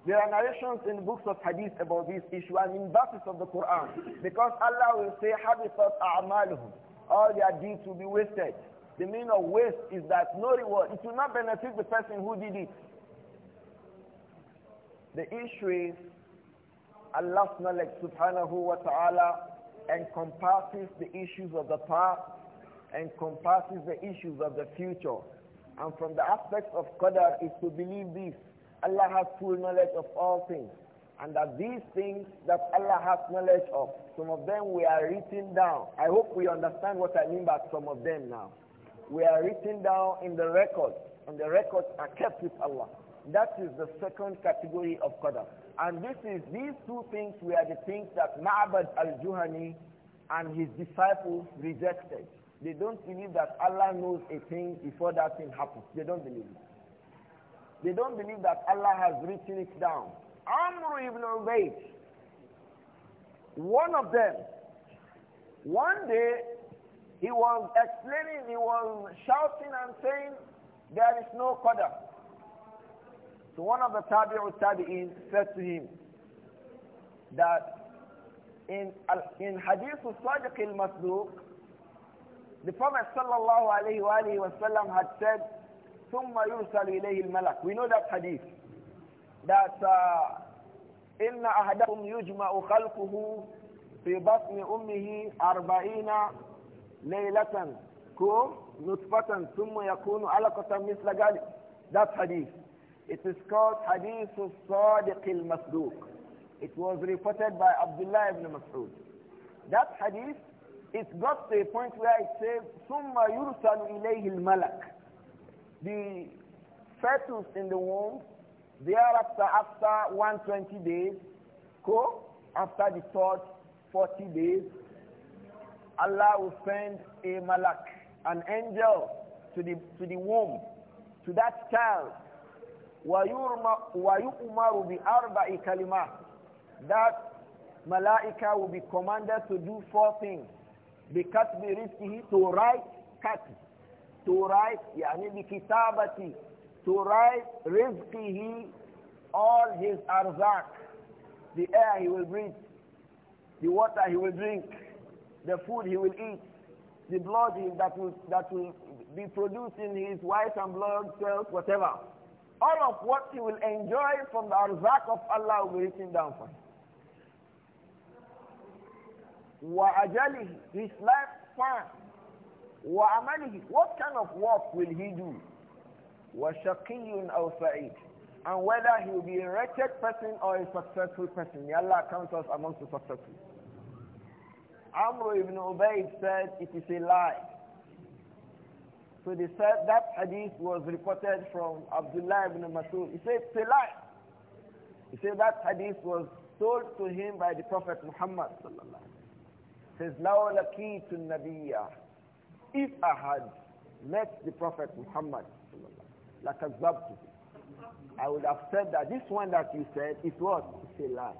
There are narrations in books of hadith about this issue and in verses of the Quran. Because Allah will say, Habitat a'maluhum. All their deeds will be wasted. The meaning of waste is that no reward. It will not benefit the person who did it. The issue is Allah's knowledge subhanahu wa ta'ala encompasses the issues of the past, encompasses the issues of the future. And from the aspects of Qadr is to believe this. Allah has full knowledge of all things. And that these things that Allah has knowledge of, some of them we are written down. I hope we understand what I mean by some of them now. We are written down in the records, and the records are kept with Allah. That is the second category of qadar. And this is these two things were the things that Ma'bad al-Juhani and his disciples rejected. They don't believe that Allah knows a thing before that thing happens. They don't believe it. They don't believe that Allah has written it down. Amr ibn Ubayd, one of them, one day he was explaining, he was shouting and saying, there is no qadr. So one of the tabi'u tabi'in said to him that in, in hadith al-sadiq al-masduq, the Prophet sallallahu alayhi wa had said, ثم يرسل إليه الملك we know that hadith that uh, إن أهدكم يجمع خلقه في بطن أمه أربعين ليلة كو نطفة ثم يكون علقة مثل ذلك that hadith it is called hadith الصادق المصدوق it was reported by Abdullah ibn Mas'ud that hadith it got to a point where it says ثم يرسل إليه الملك the fetus in the womb, thereafter after 120 days, go after the third 40 days, Allah will send a malak, an angel, to the, to the womb, to that child. وَيُؤْمَرُ بِأَرْبَعِ كَلِمَةٍ That malaika will be commanded to do four things. بِكَتْبِ رِزْقِهِ To write cut to write يعني kitabati, to write رزقه all his arzak the air he will breathe the water he will drink the food he will eat the blood that will that will be produced in his white and blood cells whatever all of what he will enjoy from the arzak of Allah will be written down for him وأجله his life lifespan what kind of work will he do? وَشَقِيٌّ أَوْ سَعِيدٌ And whether he will be a wretched person or a successful person. May Allah count us amongst the successful. Amr ibn Ubayd said it is a lie. So they said that hadith was reported from Abdullah ibn Masud. He said it's a lie. He said that hadith was told to him by the Prophet Muhammad sallallahu alaihi wasallam. Says, "لَوْ لَقِيتُ nabiyya if I had met the Prophet Muhammad, like I would have said that this one that you said is what? It's a lie.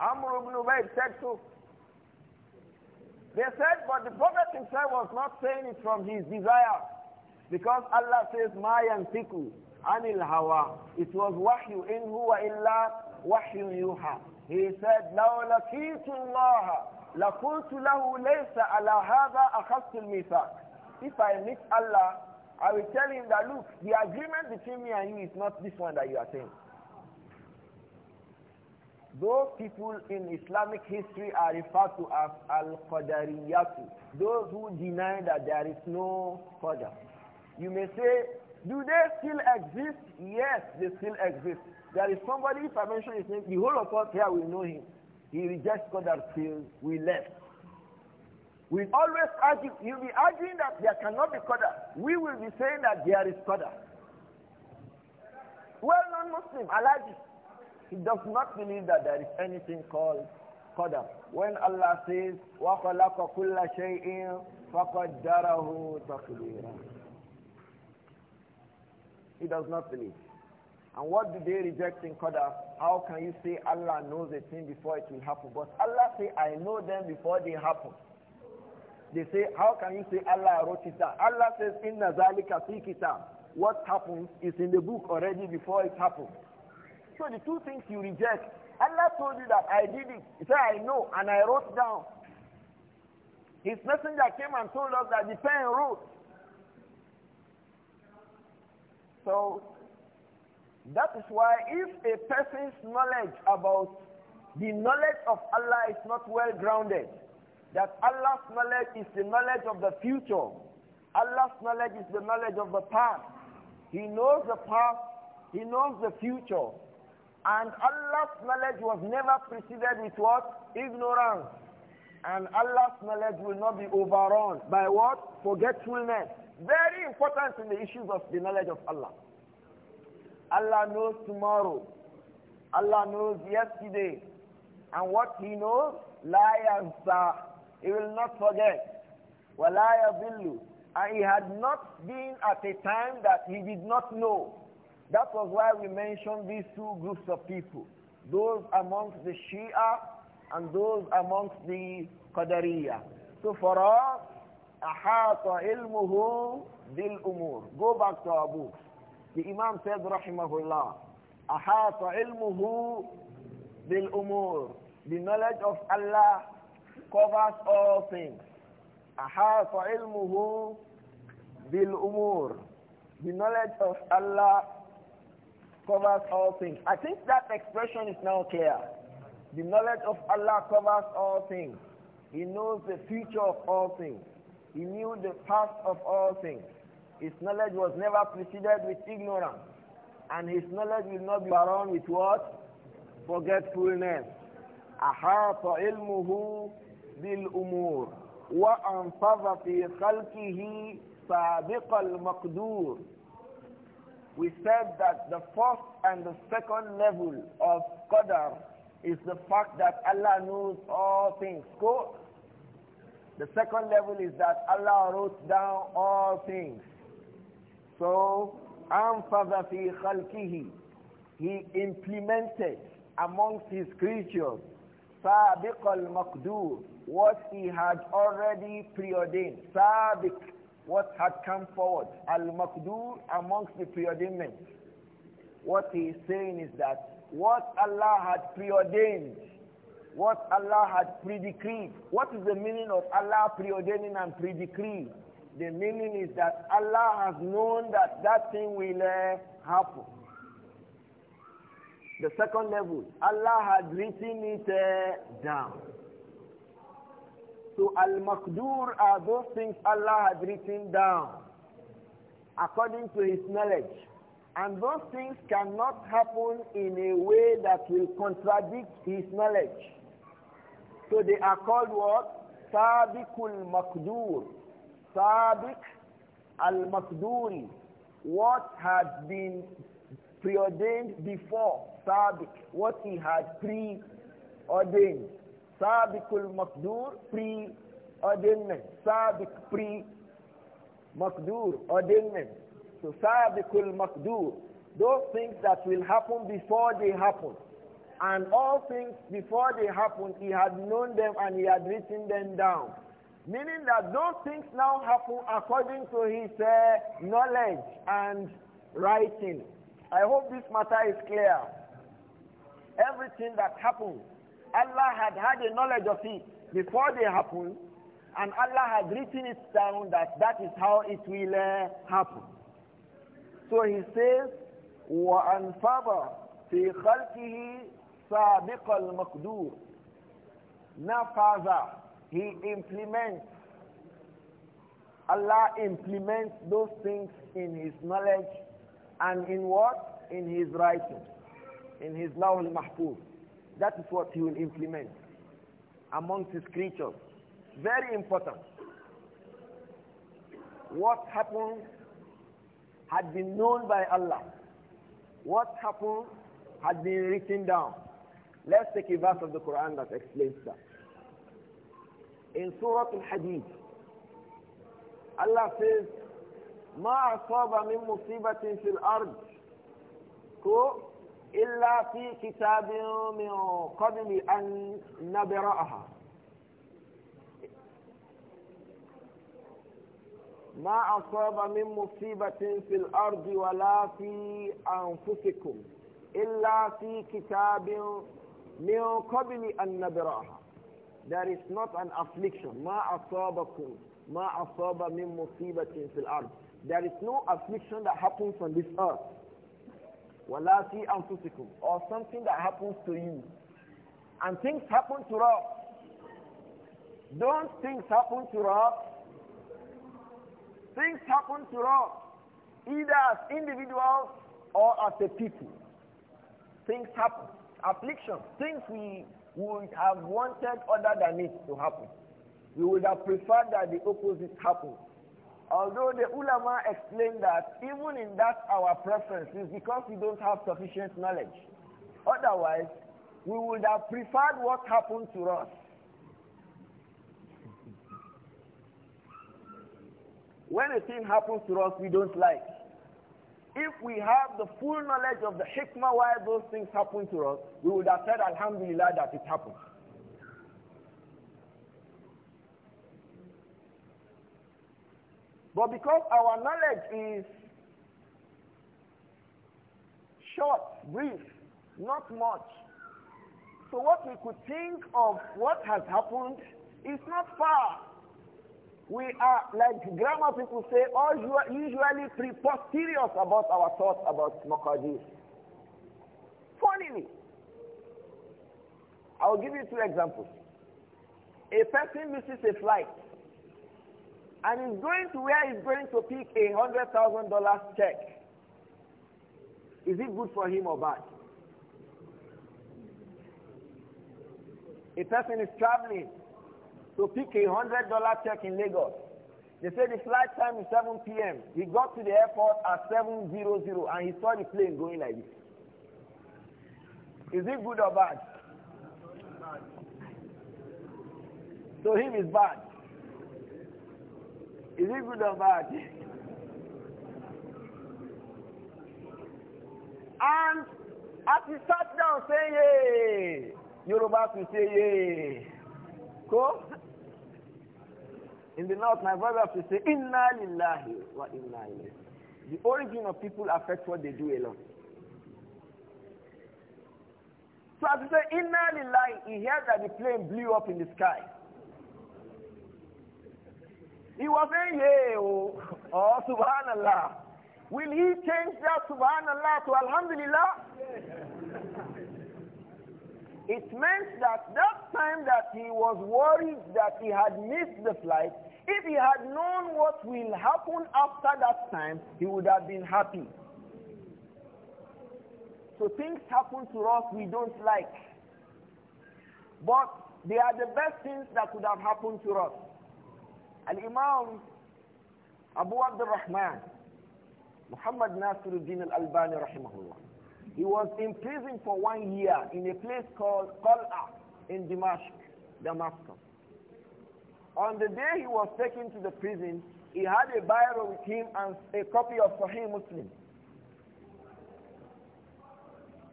Amr ibn Ubayd said so. They said, but the Prophet himself was not saying it from his desire. Because Allah says, Mayan Tiku, anil hawa." It was wahyu in huwa illa wahyu yuha. He said, لَوْ لَكِيتُ لَقُلْتُ لَهُ لَيْسَ عَلَى هَذَا أَخَذْتُ الْمِيثَاقِ If I meet Allah, I will tell him that, look, the agreement between me and you is not this one that you are saying. Those people in Islamic history are referred to as Al-Qadariyatu, those who deny that there is no Qadar. You may say, do they still exist? Yes, they still exist. There is somebody, if I mention his name, the whole of us here will know him. He rejects God till we left. We always argue, you'll be arguing that there cannot be Qadr. We will be saying that there is Qadr. Well-known Muslim, Alaji, he does not believe that there is anything called Qadr. When Allah says, وَخَلَقَ كُلَّ شَيْءٍ فَقَدَّرَهُ تَقْدِيرًا He does not believe. And what do they reject in Qadar? How can you say Allah knows a thing before it will happen? But Allah say, I know them before they happen. They say, how can you say Allah wrote it down? Allah says, Inna zalika fi kitab. What happens is in the book already before it happened. So the two things you reject, Allah told you that I did it. He said, I know, and I wrote down. His messenger came and told us that the pen wrote. So that is why if a person's knowledge about the knowledge of Allah is not well grounded, that Allah's knowledge is the knowledge of the future, Allah's knowledge is the knowledge of the past. He knows the past, He knows the future. And Allah's knowledge was never preceded with what? Ignorance. And Allah's knowledge will not be overrun by what? Forgetfulness. Very important in the issues of the knowledge of Allah. Allah knows tomorrow. Allah knows yesterday. And what he knows, la yansa. He will not forget. Wala yadillu. And he had not been at a time that he did not know. That was why we mentioned these two groups of people. Those amongst the Shia and those amongst the Qadariya. So for us, أحاط علمه بالأمور. Go back to our books. The Imam said, Rahimahullah, أحاط علمه بالأمور. The knowledge of Allah covers all things. أحاط علمه بالأمور. The knowledge of Allah covers all things. I think that expression is now clear. The knowledge of Allah covers all things. He knows the future of all things. He knew the past of all things. His knowledge was never preceded with ignorance. And his knowledge will not be around with what? Forgetfulness. أحاط علمه بالأمور وأنفذ في خلقه سابق المقدور we said that the first and the second level of Qadar is the fact that Allah knows all things. Go. The second level is that Allah wrote down all things. So, أَنْفَذَ فِي خَلْقِهِ He implemented amongst his creatures al الْمَقْدُورِ What he had already preordained. سَابِق What had come forward. Al-Maqdur amongst the preordainment. What he is saying is that what Allah had preordained what Allah had predecreed. What is the meaning of Allah preordaining and predecreed? The meaning is that Allah has known that that thing will uh, happen. The second level, Allah had written it uh, down. So al makdur are those things Allah had written down according to his knowledge. And those things cannot happen in a way that will contradict his knowledge. So they are called what? Sabiqul Makdur al-makduri, what had been preordained before سابق what he had preordained سابق المقدور preordainment سابق pre مقدور ordainment so al المقدور those things that will happen before they happen and all things before they happen he had known them and he had written them down Meaning that those things now happen according to his uh, knowledge and writing. I hope this matter is clear. Everything that happened, Allah had had a knowledge of it before they happened, and Allah had written it down that that is how it will uh, happen. So he says, وَأَنْفَضَ فِي خَلْقِهِ سَابِقَ الْمَقْدُورِ نَفَذَ he implements. Allah implements those things in His knowledge and in what? In His writing. In His Lawh al-Mahfuz. That is what He will implement amongst His creatures. Very important. What happened had been known by Allah. What happened had been written down. Let's take a verse of the Quran that explains that. in Surah Al-Hadid. Allah says, ما أصاب من مصيبة في الأرض إلا في كتاب من قبل أن نبرأها ما أصاب من مصيبة في الأرض ولا في أنفسكم إلا في كتاب من قبل أن نبرأها There is not an affliction. ما أصابكم ما أصاب من مصيبة في الأرض. There is no affliction that happens on this earth. Wala fi anfusikum, or something that happens to you. And things happen to us. Don't things happen to us? Things happen to us, either as individuals or as a people. Things happen. Affliction, things we we would have wanted other than it to happen. We would have preferred that the opposite happened. Although the ulama explained that even in that our preference is because we don't have sufficient knowledge. Otherwise, we would have preferred what happened to us. When a thing happens to us we don't like, if we have the full knowledge of the hikmah why those things happen to us, we would have said, Alhamdulillah, that it happened. But because our knowledge is short, brief, not much, so what we could think of what has happened is not far. We are, like grammar people say, usually preposterous about our thoughts about Maqadir. Funnily, I will give you two examples. A person misses a flight and is going to where he's going to pick a $100,000 check. Is it good for him or bad? A person is traveling to pick a hundred dollar check in Lagos. They said the flight time is 7 p.m. He got to the airport at 7.00 and he saw the plane going like this. Is it good or bad? So him is bad. Is it good or bad? and as he sat down saying, hey, Yoruba to say, hey, cool? In the north, my used to say, Inna lillahi wa inna ilayhi. The origin of people affects what they do a lot. So as you say, Inna lillahi, he heard that the plane blew up in the sky. He was saying, yeah, oh, oh subhanallah. Will he change that subhanallah to alhamdulillah? It meant that that time that he was worried that he had missed the flight, if he had known what will happen after that time, he would have been happy. So things happen to us we don't like. But they are the best things that could have happened to us. Al-Imam Abu al Rahman, Muhammad Nasiruddin Al-Albani rahimahullah. He was imprisoned for one year in a place called Qal'a in Damascus. Damascus. On the day he was taken to the prison, he had a Bible with him and a copy of Sahih Muslim.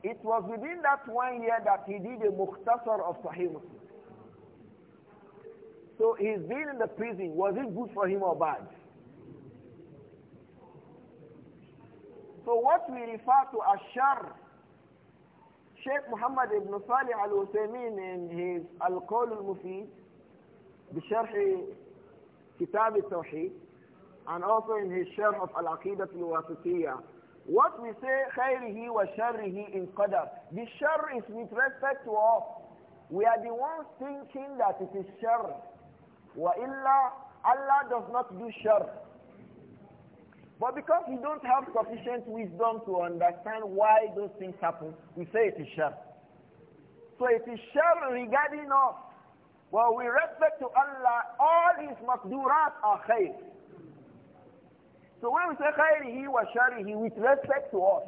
It was within that one year that he did a Mukhtasar of Sahih Muslim. So he's been in the prison. Was it good for him or bad? So what we refer to as shar, Sheikh Muhammad ibn Salih al-Uthaymeen in his Al-Qawl al-Mufid, بشرح كتاب التوحيد and also in his sharh of Al-Aqidat al What we say, خيره وشره in qadar. The shar is with respect to us. We are the ones thinking that it is shar. وَإِلَّا Allah does not do shar. But because we don't have sufficient wisdom to understand why those things happen, we say it is shar. So it is shar regarding us. But we respect to Allah, all his makdurat are khair. So when we say khairihi wa sharihi, with respect to us,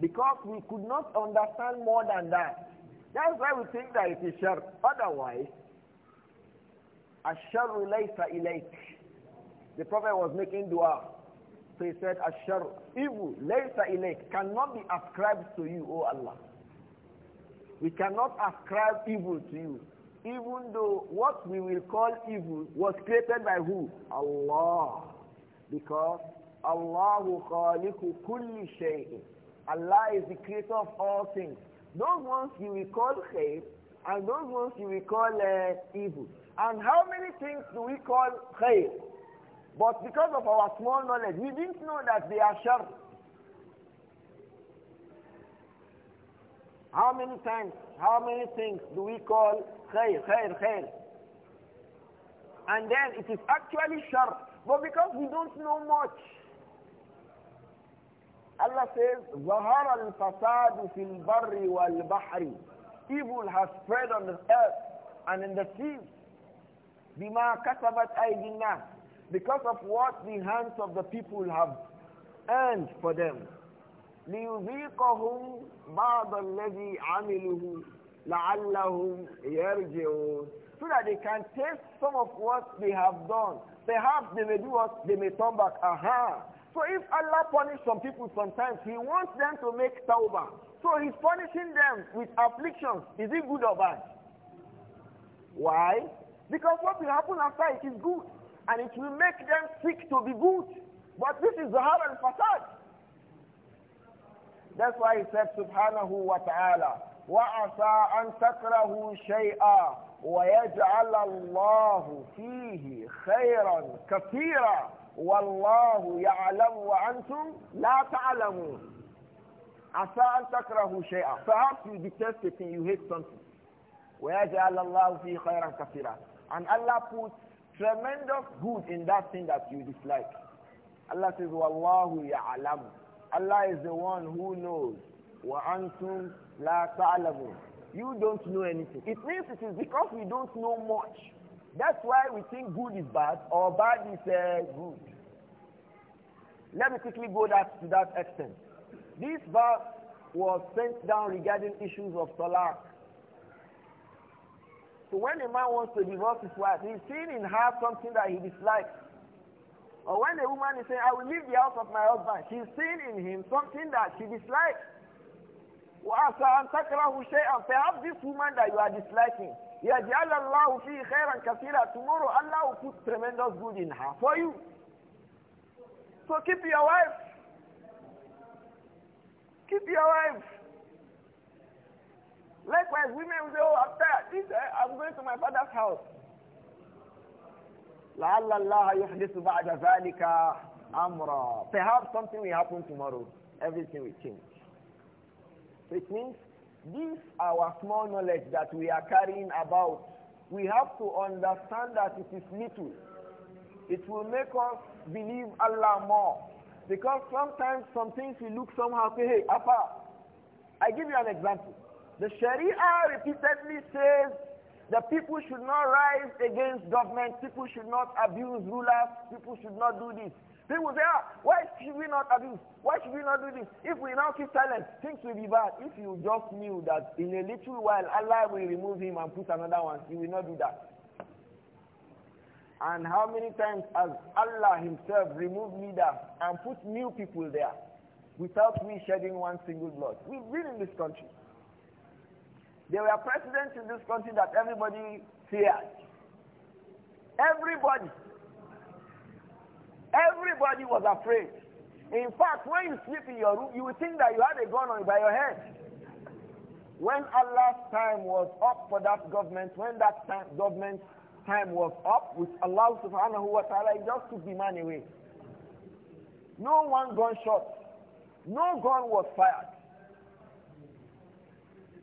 because we could not understand more than that. That's why we think that it is shar. Otherwise, asharu laysa ilayk. The Prophet was making dua. So he said, asharu, evil, laysa ilayk, cannot be ascribed to you, O Allah. We cannot ascribe evil to you even though what we will call evil was created by who? Allah. Because Allahu khaliqu kulli shay'in. Allah is the creator of all things. Those ones you will call khayr and those ones you will call uh, evil. And how many things do we call khayr? But because of our small knowledge, we didn't know that they are shar. How many times, how many things do we call khair, khair, khair? And then it is actually sharp, But because we don't know much, Allah says, ظَهَرَ الْفَسَادُ فِي الْبَرِّ وَالْبَحْرِ Evil has spread on the earth and in the seas. بِمَا كَسَبَتْ أَيْدِي Because of what the hands of the people have earned for them. ليذيقهم بعض الذي عمله لعلهم يرجعون so that they can taste some of what they have done. Perhaps they may do what they may turn back. Aha. So if Allah punishes some people sometimes, He wants them to make tawbah. So He's punishing them with afflictions. Is it good or bad? Why? Because what will happen after it is good. And it will make them seek to be good. But this is the Zahar facade. That's why he said, Subhanahu wa ta'ala, وَعَسَىٰ أَن تَكْرَهُ شَيْئًا وَيَجْعَلَ اللَّهُ فِيهِ خَيْرًا كَثِيرًا وَاللَّهُ يَعْلَمُ وَأَنْتُمْ لَا تَعْلَمُونَ عَسَىٰ أَن تَكْرَهُ شَيْئًا Perhaps you detest a thing, you hate something. وَيَجْعَلَ اللَّهُ فِيهِ خَيْرًا كَثِيرًا And Allah puts tremendous good in that thing that you dislike. Allah says, وَاللَّهُ يَعْلَمُ Allah is the one who knows. وَأَنْتُمْ لَا تَعْلَمُونَ You don't know anything. It means it is because we don't know much. That's why we think good is bad or bad is uh, good. Let me quickly go that, to that extent. This verse was sent down regarding issues of talaq. So when a man wants to divorce his wife, he's seeing in her something that he dislikes. Or when a woman is saying, I will leave the house of my husband, she's seeing in him something that she dislikes. Perhaps this woman that you are disliking, يَجْعَلَ اللَّهُ فِي خَيْرًا كَثِيرًا Tomorrow Allah will put tremendous good in her for you. So keep your wife. Keep your wife. Likewise, women will say, oh, after this, eh, I'm going to my father's house. لعل الله يحدث بعد ذلك أمرا perhaps something will happen tomorrow everything will change so it means this our small knowledge that we are carrying about we have to understand that it is little it will make us believe Allah more because sometimes some things we look somehow say hey Apa I give you an example the Sharia repeatedly says the people should not rise against government. People should not abuse rulers. People should not do this. People say, ah, why should we not abuse? Why should we not do this? If we now keep silent, things will be bad. If you just knew that in a little while Allah will remove him and put another one, you will not do that. And how many times has Allah himself removed leaders and put new people there without me shedding one single blood? We've been in this country. There were presidents in this country that everybody feared. Everybody. Everybody was afraid. In fact, when you sleep in your room, you would think that you had a gun on by your head. When Allah's time was up for that government, when that time, government time was up, with Allah subhanahu wa ta'ala, he just took the man away. No one gunshot. No gun was fired.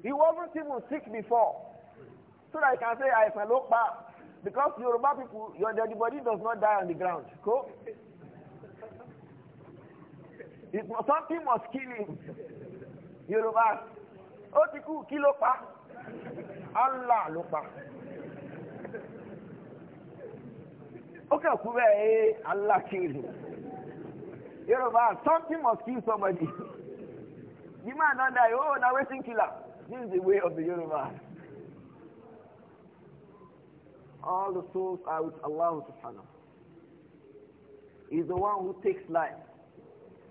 He wasn't even sick before. So that I can say, I can look back. Because Yoruba people, your dead body does not die on the ground. Cool? It, something must kill him. Yoruba. Ó ti kú kí ló pa? Allah ló pa. Ó kàn kú bẹ́ẹ̀ ẹ́ Allah kill him. Yoruba, something must kill somebody. The man don die, oh, na wetin kill am. This is the way of the universe. All the souls are with Allah subhanahu. He's the one who takes life.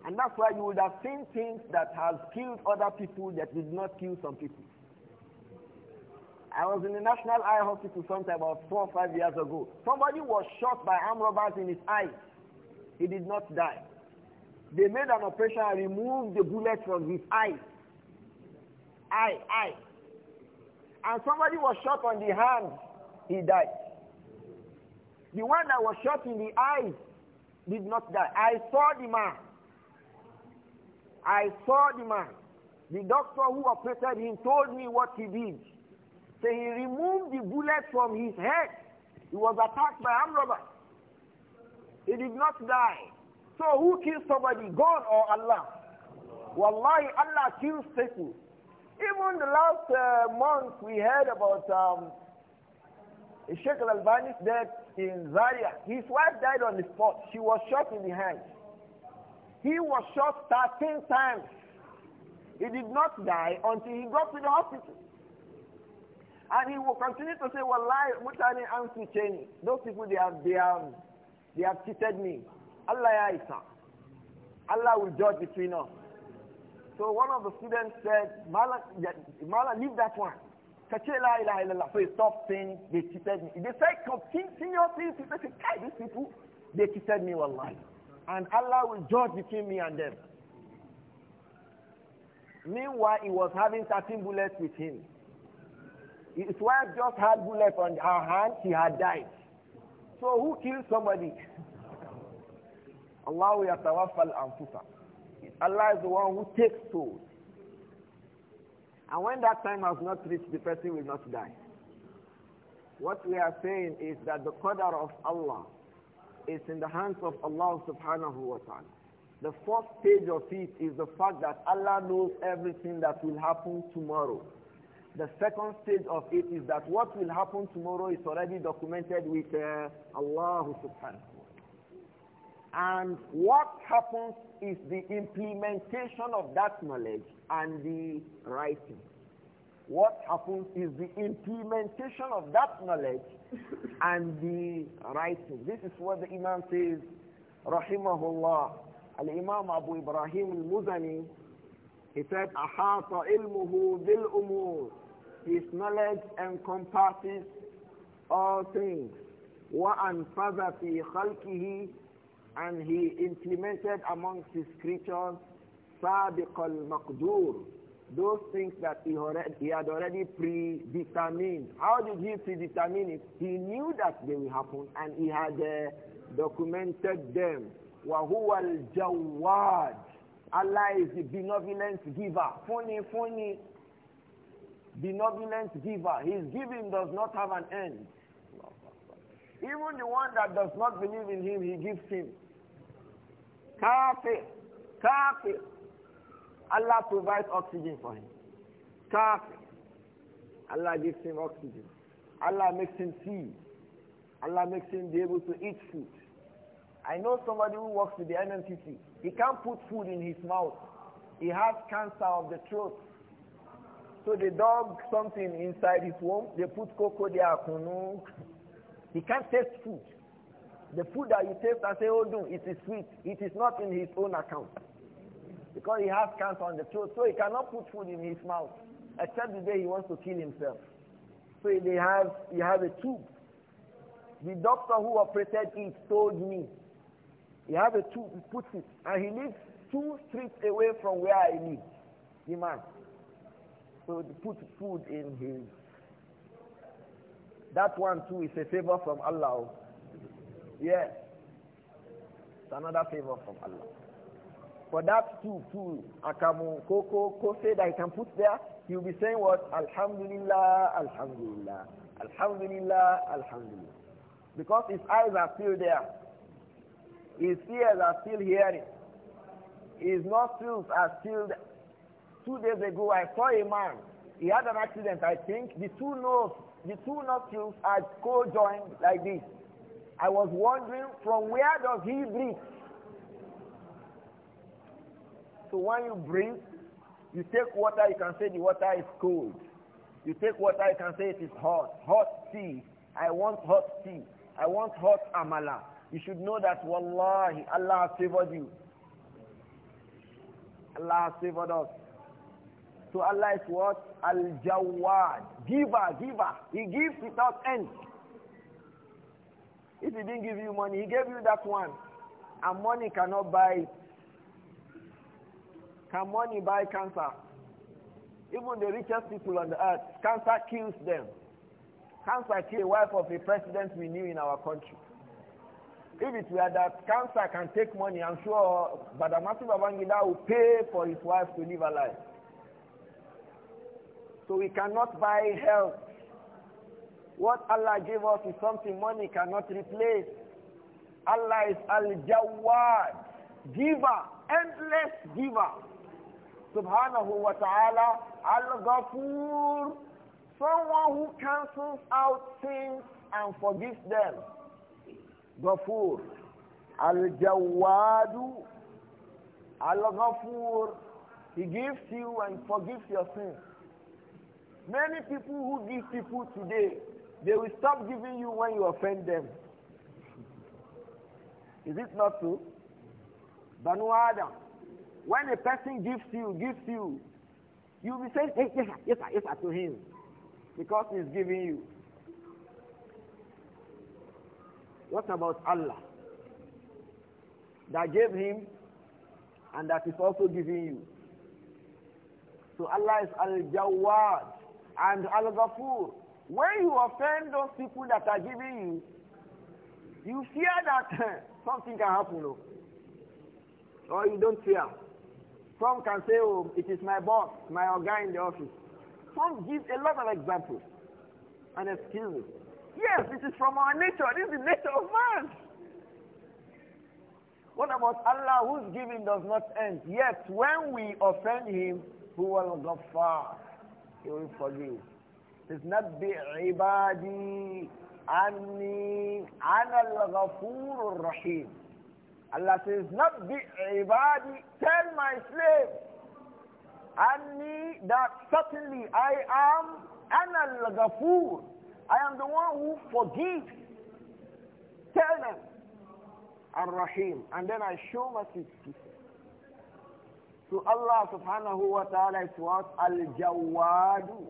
And that's why you would have seen things that has killed other people that did not kill some people. I was in the National Eye Hospital sometime about four or five years ago. Somebody was shot by armed robbers in his eye. He did not die. They made an operation and removed the bullet from his eye eye, eye. And somebody was shot on the hand, he died. The one that was shot in the eye did not die. I saw the man. I saw the man. The doctor who operated him told me what he did. So he removed the bullet from his head. He was attacked by armed robbers. He did not die. So who kills somebody, God or Allah? Wallahi, Allah kills people. Even the last uh, month we heard about um, Sheikh Al-Albani's death in Zaria. His wife died on the spot. She was shot in the hand. He was shot 13 times. He did not die until he got to the hospital. And he will continue to say, lie? Mutani Ansu Cheni. Those people, they have, they have, they have cheated me. Allah Isa. Allah will judge between us. So one of the students said, Mala, leave that one. So he stopped saying, they cheated me. They said, continue saying, people say, Kai, these people, they cheated me, wallahi. And Allah will judge between me and them. Meanwhile, he was having 13 bullets with him. His wife just had bullets on her hand, she had died. So who killed somebody? Allah will yatawafal anfusa. Allah is the one who takes souls. And when that time has not reached, the person will not die. What we are saying is that the qadar of Allah is in the hands of Allah subhanahu wa ta'ala. The first stage of it is the fact that Allah knows everything that will happen tomorrow. The second stage of it is that what will happen tomorrow is already documented with uh, Allah subhanahu Wa Taala. And what happens is the implementation of that knowledge and the writing. What happens is the implementation of that knowledge and the writing. This is what the Imam says, Rahimahullah. Al-Imam Abu Ibrahim al-Muzani, he said, أَحَاطَ bil بِالْأُمُورِ His knowledge encompasses all things. وَأَنْفَذَ فِي خَلْقِهِ and he implemented amongst his creatures al المقدور those things that he, already, he had already predetermined. How did he predetermine it? He knew that they will happen and he had uh, documented them. وَهُوَ الْجَوَّادِ Allah is the benevolent giver. Funny, funny. Benevolent giver. His giving does not have an end. Even the one that does not believe in him, he gives him. Kafir. Kafir. Allah provides oxygen for him. Kafir. Allah gives him oxygen. Allah makes him see. Allah makes him be able to eat food. I know somebody who works with the NMTC. He can't put food in his mouth. He has cancer of the throat. So they dug something inside his womb. They put cocoa there, He can't taste food. The food that you taste and say, oh, do, it is sweet. It is not in his own account. Because he has cancer on the throat, so he cannot put food in his mouth, except the day he wants to kill himself. So they have, he has a tube. The doctor who operated it told me, he has a tube, he puts it, and he lives two streets away from where I live, the man. So they put food in his. That one too is a favor from Allah. Yes. It's another favor from Allah. For that too, too, akamu, koko, kose that he can put there, he will be saying what? Alhamdulillah, Alhamdulillah, Alhamdulillah, Alhamdulillah. Because his eyes are still there. His ears are still hearing. His nostrils are still there. Two days ago, I saw a man. He had an accident, I think. The two nose, the two nostrils are co-joined like this. I was wondering from where does he breathe? So when you breathe, you take water, you can say the water is cold. You take water, you can say it is hot. Hot tea. I want hot tea. I want hot amala. You should know that wallahi, Allah has favored you. Allah has favored us. So Allah is what? Al-Jawad. Giver, giver. He gives without end. If he didn't give you money, he gave you that one. And money cannot buy it. Can money buy cancer? Even the richest people on the earth, cancer kills them. Cancer killed the wife of a president we knew in our country. If it were that cancer can take money, I'm sure Badamasi Babangida will pay for his wife to live alive. So we cannot buy health. What Allah gave us is something money cannot replace. Allah is Al-Jawad, giver, endless giver. Subhanahu wa ta'ala, al Gafur, someone who cancels out sins and forgives them. Gafur, Al-Jawadu, al Gafur, he gives you and forgives your sins. Many people who give people today, they will stop giving you when you offend them. Is it not so? Banu Adam, when a person gives you, gives you, you'll say, saying, hey, yes, yes, yes, to him. Because he's giving you. What about Allah? That gave him and that is also giving you. So Allah is Al-Jawad and Al-Ghafur. When you offend those people that are giving you, you fear that something can happen. Or you don't fear. Some can say, oh, it is my boss, my guy in the office. Some give a lot of examples and excuses. Yes, it is from our nature. This is the nature of man. What about Allah whose giving does not end? Yet when we offend him, who will go far? He will forgive. says, Nabbi ibadi anni anal ghafoor rahim. Allah says, Nabbi ibadi, tell my slaves, anni that certainly I am أنا الغفور I am the one who forgives. Tell them, الرحيم And then I show mercy to So Allah subhanahu wa ta'ala is what? Al-Jawwadu.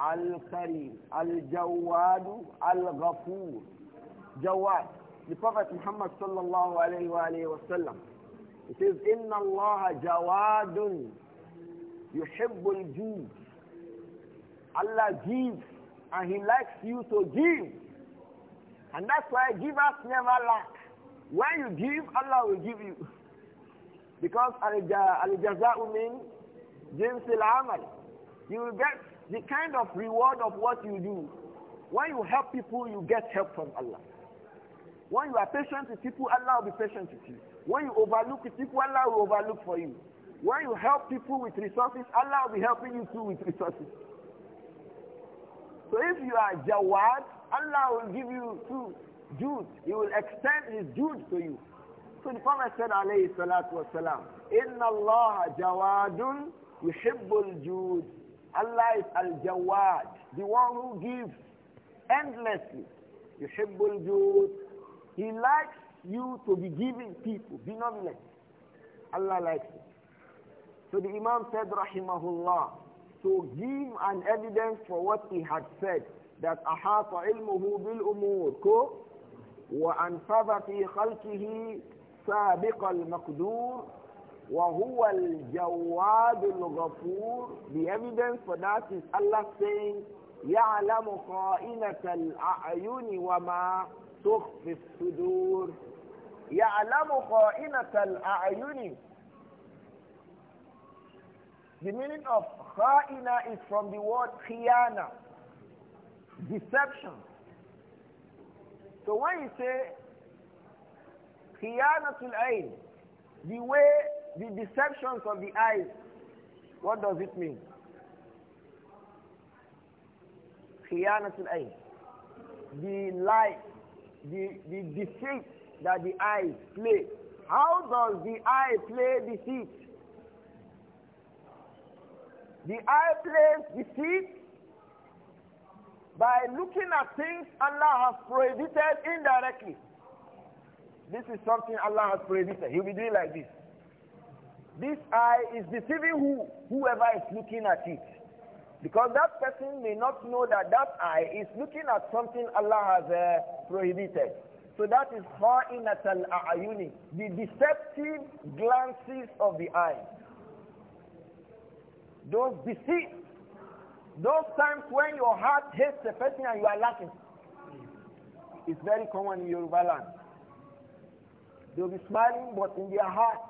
Al-Karim, Al-Jawwad, Al-Ghafur. Jawad. The Prophet Muhammad sallallahu alayhi wa alayhi wa sallam. It says, إِنَّ اللَّهَ جَوَادٌ يُحِبُّ الْجُودِ Allah gives and He likes you to give. And that's why givers never lack. When you give, Allah will give you. Because al-jaza'u means jinsil amal. You will get the kind of reward of what you do. When you help people, you get help from Allah. When you are patient with people, Allah will be patient with you. When you overlook people, Allah will overlook for you. When you help people with resources, Allah will be helping you too with resources. So if you are Jawad, Allah will give you too Jude. He will extend his Jude to you. So the Prophet said, alayhi salatu wasalam, Inna Allah jawadun yuhibbul jude. Allah is Al-Jawad, the one who gives endlessly. Yuhibbul Jud. He likes you to be giving people, be not benevolent. Allah likes it. So the Imam said, Rahimahullah, to give an evidence for what he had said, that أحاط علمه بالأمور كو وأنفذ في خلقه سابق المقدور وَهُوَ الْجَوَّادُ الْغَفُورُ The evidence for that is Allah saying, يَعْلَمُ خَائِنَةَ الْأَعْيُنِ وَمَا تُخْفِي الصُّدُورُ يَعْلَمُ خَائِنَةَ الْأَعْيُنِ The meaning of kha'ina is from the word khiyana, deception. So when you say khiyanatul ayn, the way the deceptions of the eyes, what does it mean? Khiyanatul ayn. The lie, the, the deceit that the eyes play. How does the eye play deceit? The eye plays deceit by looking at things Allah has predicted indirectly. This is something Allah has predicted. He'll be doing like this. This eye is deceiving who? Whoever is looking at it. Because that person may not know that that eye is looking at something Allah has uh, prohibited. So that is kha'inat al-a'yuni, the deceptive glances of the eye. Those deceit, those times when your heart hates the person and you are laughing. It's very common in Yoruba land. They'll be smiling, but in their heart,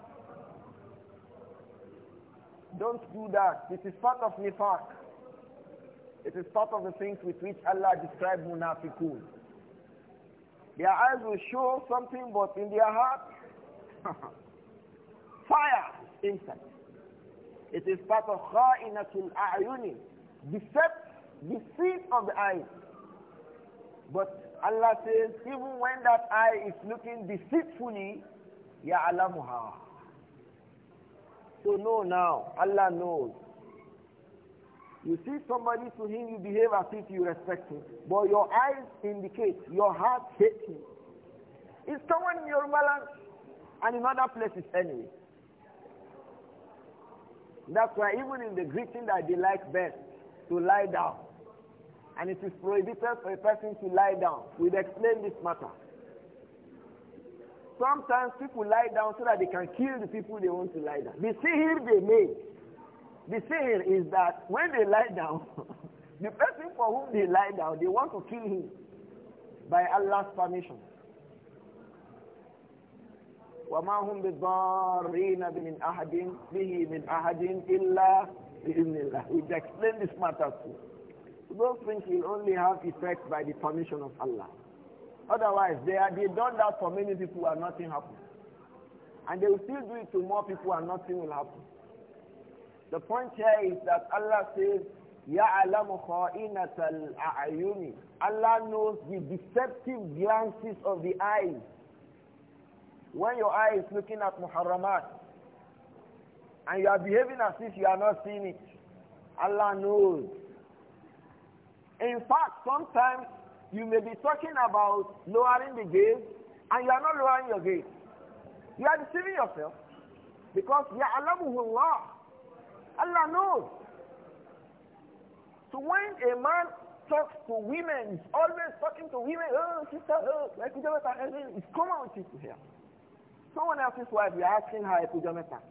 don't do that. This is part of nifaq. It is part of the things with which Allah described munafiqun. Their eyes will show something, but in their heart, fire is inside. It is part of kha'inatul a'yuni, decept, deceit of the eyes. But Allah says, even when that eye is looking deceitfully, يَعْلَمُهَا so know now, Allah knows. You see somebody to him, you behave as if you respect him. But your eyes indicate, your heart hates him. Is someone in your balance and in other places anyway. That's why even in the greeting that they like best, to lie down. And it is prohibited for a person to lie down. We'll explain this matter. Sometimes people lie down so that they can kill the people they want to lie down. The sihir they make, the sihir is that when they lie down, the person for whom they lie down, they want to kill him by Allah's permission. وما هم بضارين من أحد به من أحد إلا بإذن الله. we explain this matter to you. those things will only have effect by the permission of Allah. Otherwise, they had they done that for many people and nothing happened. And they will still do it to more people and nothing will happen. The point here is that Allah says, يَعْلَمُ خَائِنَةَ الْأَعْيُنِ Allah knows the deceptive glances of the eyes. When your eye is looking at muharramat, and you are behaving as if you are not seeing it, Allah knows. In fact, sometimes you may be talking about lowering the gate and you are not lowering your gate. You are deceiving yourself because يَعْلَمُهُ اللَّهُ Allah knows. So when a man talks to women, he's always talking to women, oh sister, oh, my pujamata, it's common with people here. Someone else's wife, you're asking her a pujamata.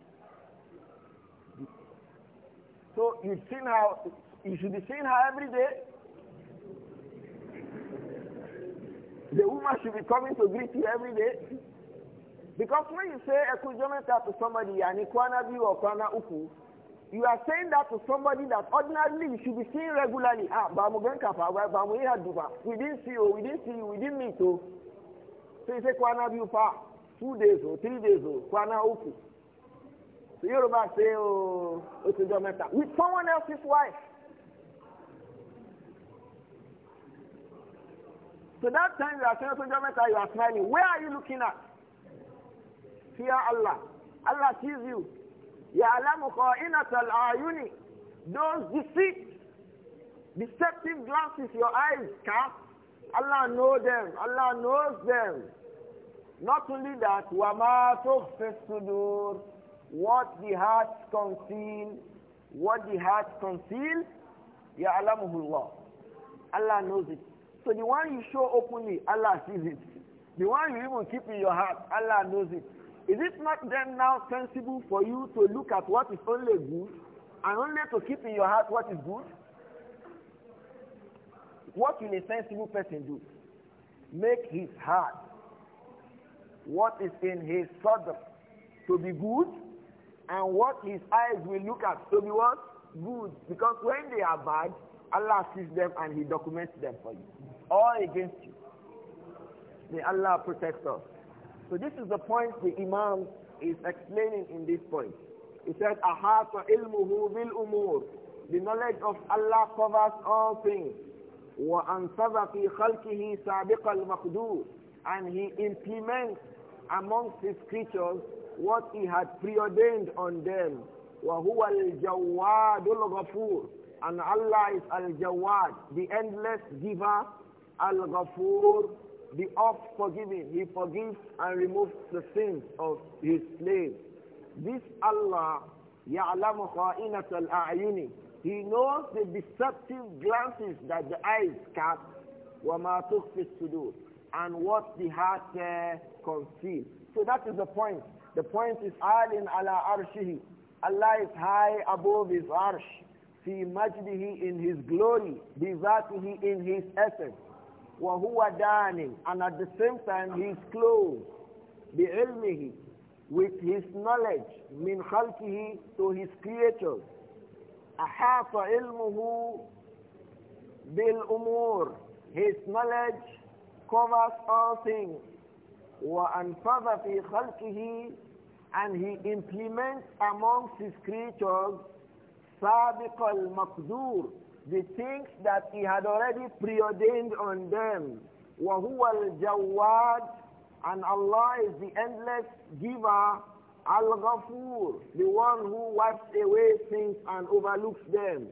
So you've seen how you should be seeing her every day, The woman should be coming to greet you every day. Because when you say ekujometa to somebody and or kwana uku, you are saying that to somebody that ordinarily you should be seeing regularly. Ah, we didn't see you, we didn't see you, we didn't meet you. So you say kwanabi upa, two days or three days or kwana uku. So to say, oh, ekujometa, with someone else's wife. So that time you are saying to Jamaica, you are smiling. Where are you looking at? Fear Allah. Allah sees you. Ya يَعْلَمُ خَائِنَةَ الْأَعْيُنِ Those deceit, deceptive glances your eyes cast, Allah knows them. Allah knows them. Not only that, wa ma الصُّدُورِ What the hearts conceal, what the hearts conceal, ya يَعْلَمُهُ Allah. Allah knows it. So the one you show openly, Allah sees it. The one you even keep in your heart, Allah knows it. Is it not then now sensible for you to look at what is only good and only to keep in your heart what is good? What will a sensible person do? Make his heart, what is in his sadr, to be good, and what his eyes will look at to be what? Good. Because when they are bad, Allah sees them and he documents them for you. All against you. May Allah protect us. So this is the point the Imam is explaining in this point. He said, Ahata ilmuhu bil umur. The knowledge of Allah covers all things. وَأَنْصَبَ فِي خَلْقِهِ سَابِقَ الْمَقْدُورِ And he implements amongst his creatures what he had preordained on them. وَهُوَ الْجَوَّادُ الْغَفُورِ And Allah is al-Jawad, the endless giver Al-Ghafur, the oft forgiving. He forgives and removes the sins of his slaves. This Allah, يَعْلَمُ Al الْأَعْيُنِ He knows the deceptive glances that the eyes cast, وَمَا تُخْفِي الصُّدُورِ And what the heart uh, conceals. So that is the point. The point is عَالٍ عَلَىٰ عَرْشِهِ Allah is high above his arsh. في مجده in his glory, بذاته in his essence huwa دَانٍ And at the same time, he is close. بِعِلْمِهِ With his knowledge, min خَلْقِهِ To his creatures. ilmuhu bil umur, His knowledge covers all things. وَأَنْفَذَ fi خَلْقِهِ And he implements amongst his creatures al المقدور the things that he had already preordained on them. وَهُوَ الْجَوَّادِ And Allah is the endless giver, Al-Ghafur, the one who wipes away things and overlooks them.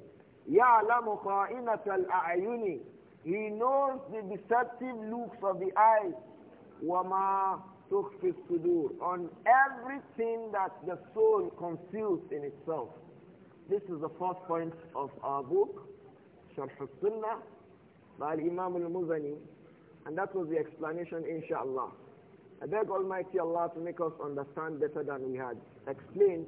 يَعْلَمُ خَائِنَةَ الْأَعْيُنِ He knows the deceptive looks of the eyes. وَمَا تُخْفِ الصُّدُورِ On everything that the soul conceals in itself. This is the first point of our book. Sharh al Imam al-Muzani. And that was the explanation, inshallah. I beg Almighty Allah to make us understand better than we had explained.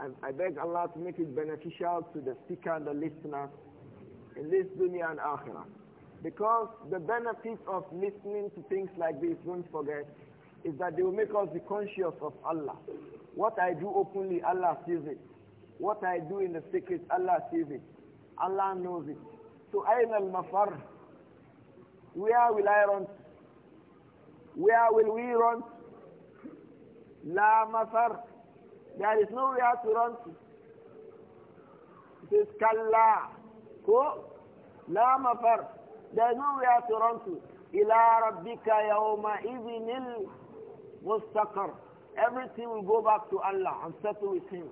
And I beg Allah to make it beneficial to the speaker and the listener in this dunya and akhirah. Because the benefit of listening to things like this, don't forget, is that they will make us be conscious of Allah. What I do openly, Allah sees it. What I do in the secret, Allah sees it. Allah knows it. to أين المفر? Where will I run? Where will we run? لا مفر. There is nowhere to run It is كلا. Go. لا مفر. There is nowhere to run to. إلى ربك يومئذ المستقر. Everything will go back to Allah and settle with Him.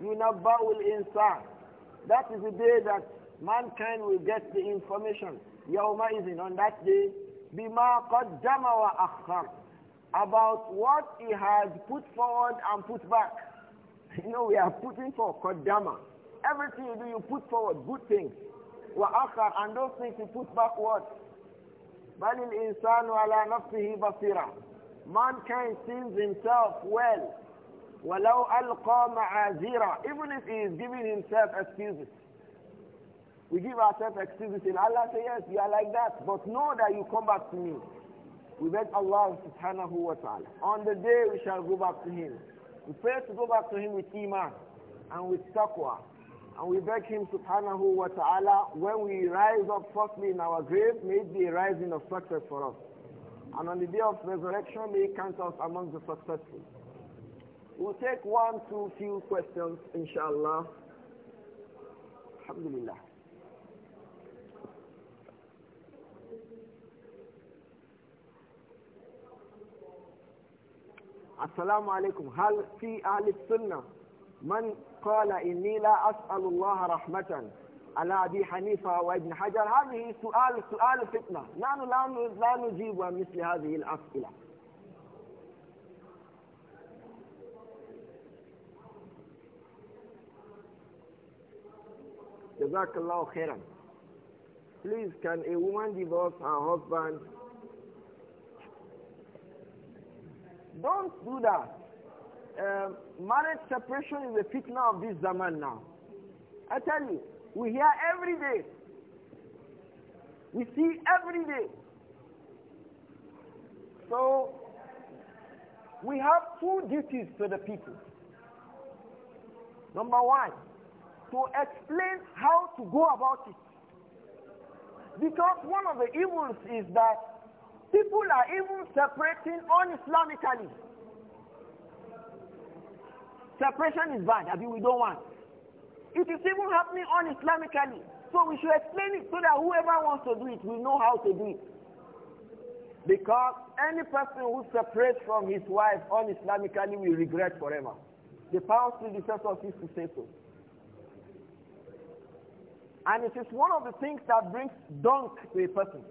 ينبأ الإنسان That is the day that mankind will get the information. Yawma'izin, on that day, bima qaddama wa akhar. About what he has put forward and put back. You know, we are putting for qaddama. Everything you do, you put forward good things. Wa akhar, and those things you put backward. بل الإنسان على نفسه basira. Mankind sees himself well وَلَوْ أَلْقَى Even if he is giving himself excuses. We give ourselves excuses and Allah says, yes, you are like that, but know that you come back to me. We beg Allah subhanahu wa ta'ala. On the day we shall go back to him. We pray to go back to him with iman and with taqwa. And we beg him subhanahu wa ta'ala, when we rise up firstly in our grave, may it be a rising of success for us. And on the day of resurrection, may he count us among the successful. We'll take one, two, few questions, inshallah. Alhamdulillah. Assalamu Hal fi ahli sunnah man qala inni la as'alu rahmatan ala hanifa wa ibn hajar hadhihi su'al su'al fitna nanu la nujibu an misli hadhihi al-as'ila Jazakallah khairan. Please, can a woman divorce her husband? Don't do that. Um, marriage separation is a fitna of this zaman now. I tell you, we hear every day. We see every day. So, we have two duties to the people. Number one, to explain how to go about it. Because one of the evils is that people are even separating un-Islamically. Separation is bad, I mean, we don't want. It is even happening un-Islamically. So we should explain it so that whoever wants to do it will know how to do it. Because any person who separates from his wife un-Islamically will regret forever. The past predecessors is to say so. And it is one of the things that brings dunk to a person.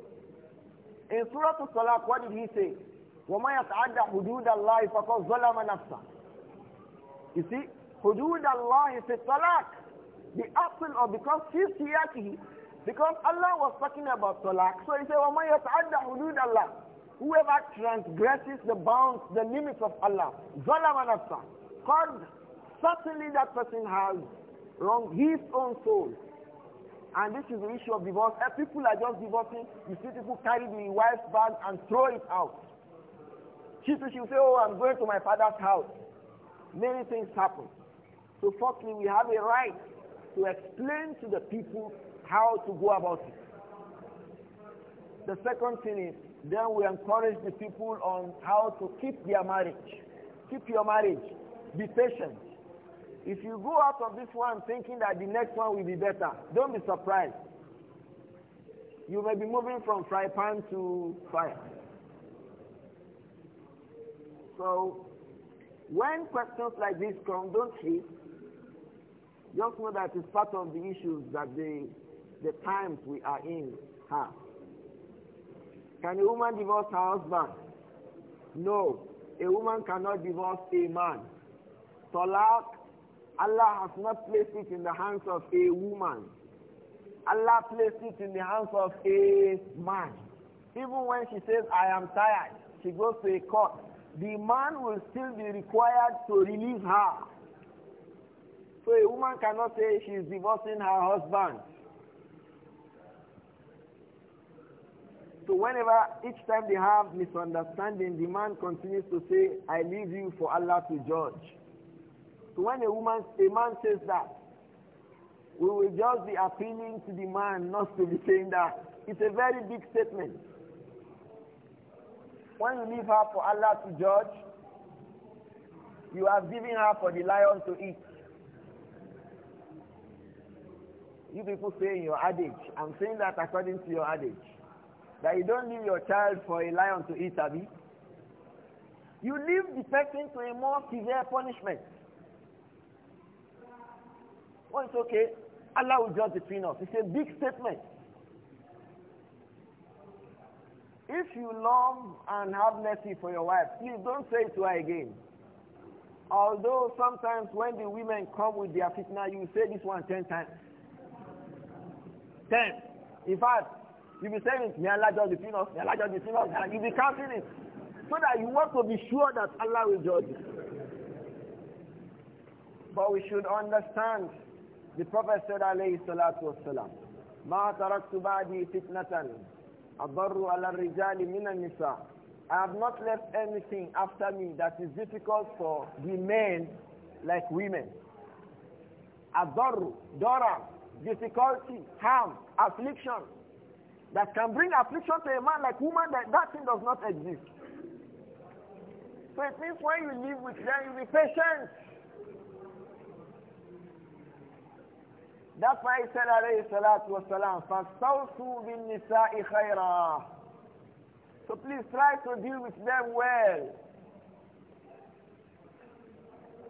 In Surah Al-Talaq, what did he say? وَمَا يَتْعَدَّ حُدُودَ اللَّهِ فَقَدْ ظَلَمَ نَفْسَهُ You see, حُدُودَ اللَّهِ فِي الطَّلَاق The apple of, because he's siyatihi, because Allah was talking about talaq, so he said, وَمَا يَتْعَدَّ حُدُودَ اللَّهِ Whoever transgresses the bounds, the limits of Allah, ظَلَمَ نَفْسَهُ God, certainly that person has wronged his own soul. And this is the issue of divorce. If eh, people are just divorcing. You see people carry the wife's bag and throw it out. She says, she will say, oh, I'm going to my father's house. Many things happen. So firstly, we have a right to explain to the people how to go about it. The second thing is, then we encourage the people on how to keep their marriage. Keep your marriage. Be patient. If you go out of this one thinking that the next one will be better, don't be surprised. You may be moving from fry pan to fire. So, when questions like this come, don't sleep. Just know that it's part of the issues that the, the times we are in have. Can a woman divorce her husband? No. A woman cannot divorce a man. Talak Allah has not placed it in the hands of a woman. Allah placed it in the hands of a man. Even when she says, I am tired, she goes to a court. The man will still be required to release her. So a woman cannot say she is divorcing her husband. So whenever, each time they have misunderstanding, the man continues to say, I leave you for Allah to judge. So when a woman, a man says that, we will just be appealing to the man not to be saying that. It's a very big statement. When you leave her for Allah to judge, you have given her for the lion to eat. You people say in your adage, I'm saying that according to your adage, that you don't leave your child for a lion to eat, Abby. You leave the person to a more severe punishment. Well, it's okay. Allah will judge between us. It's a big statement. If you love and have mercy for your wife, please don't say it to her again. Although sometimes when the women come with their fitna, you say this one ten times. Ten. In fact, you be saying may Allah judge between us, may Allah judge between us, you be counting it. So that you want to be sure that Allah will judge you. But we should understand the Prophet said, alayhi salatu wasalam, مَا تَرَكْتُ بَعْدِي فِتْنَةً أَضَرُّ عَلَى الرِّجَالِ مِنَ I have not left anything after me that is difficult for the men like women. Adorru, dora, difficulty, harm, affliction. That can bring affliction to a man like woman, that, that thing does not exist. So it means when you live with them, you be patient. That's why he said, alayhi salatu wasalam, فَاسْتَوْسُوا بِالنِّسَاءِ خَيْرًا So please try to deal with them well.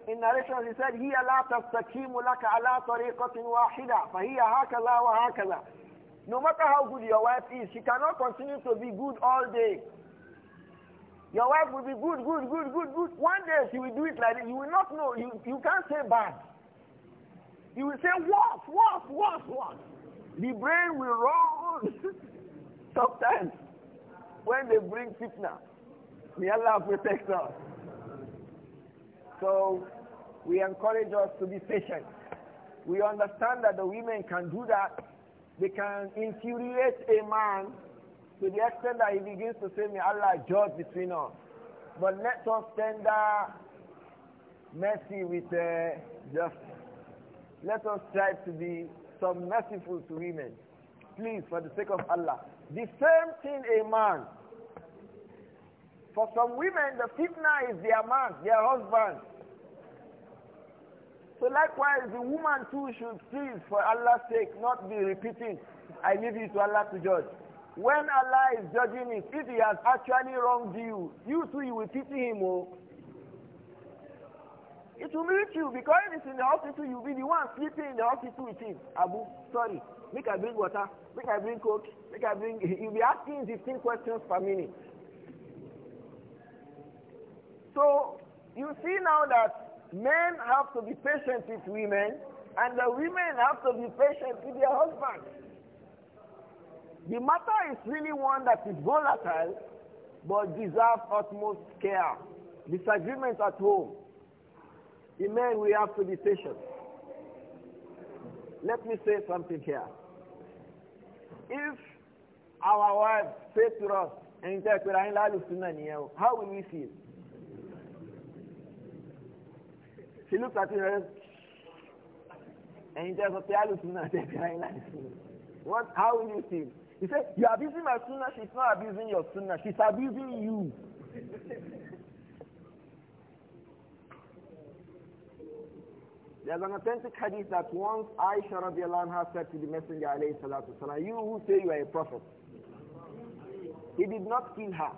In narration he said, هِيَ لَا تَسْتَكِيمُ لَكَ عَلَى طَرِيقَةٍ وَاحِدَةٍ فَهِيَ هَكَذَا وَهَكَذَا No matter how good your wife is, she cannot continue to be good all day. Your wife will be good, good, good, good, good. One day she will do it like this. You will not know. You, you can't say bad. He will say, what, what, what, what? The brain will run. Sometimes, when they bring fitna, may Allah protect us. So, we encourage us to be patient. We understand that the women can do that. They can infuriate a man to the extent that he begins to say, may Allah judge between us. But let us tender mercy with uh, justice. Let us try to be some merciful to women. Please, for the sake of Allah. The same thing a man. For some women, the fitna is their man, their husband. So likewise, the woman too should please, for Allah's sake, not be repeating, I leave you to Allah to judge. When Allah is judging it, if he has actually wronged you, you too, you will pity him. Oh. It will meet you because if it's in the hospital, you'll be the one sleeping in the hospital with him. Abu, sorry, make I bring water, make I bring coke, make I bring. You'll be asking 15 questions per minute. So you see now that men have to be patient with women, and the women have to be patient with their husbands. The matter is really one that is volatile, but deserves utmost care. Disagreements at home the we have to be patient. Let me say something here. If our wife says to us, how will we feel? She looks at him and he tells her, What, how will you feel? He said, you are abusing my sunnah, she's not abusing your sunnah, she's abusing you. There's an authentic hadith that once Aisha radiallahu anha said to the Messenger alayhi salatu wasalam, you who say you are a prophet, he did not kill her.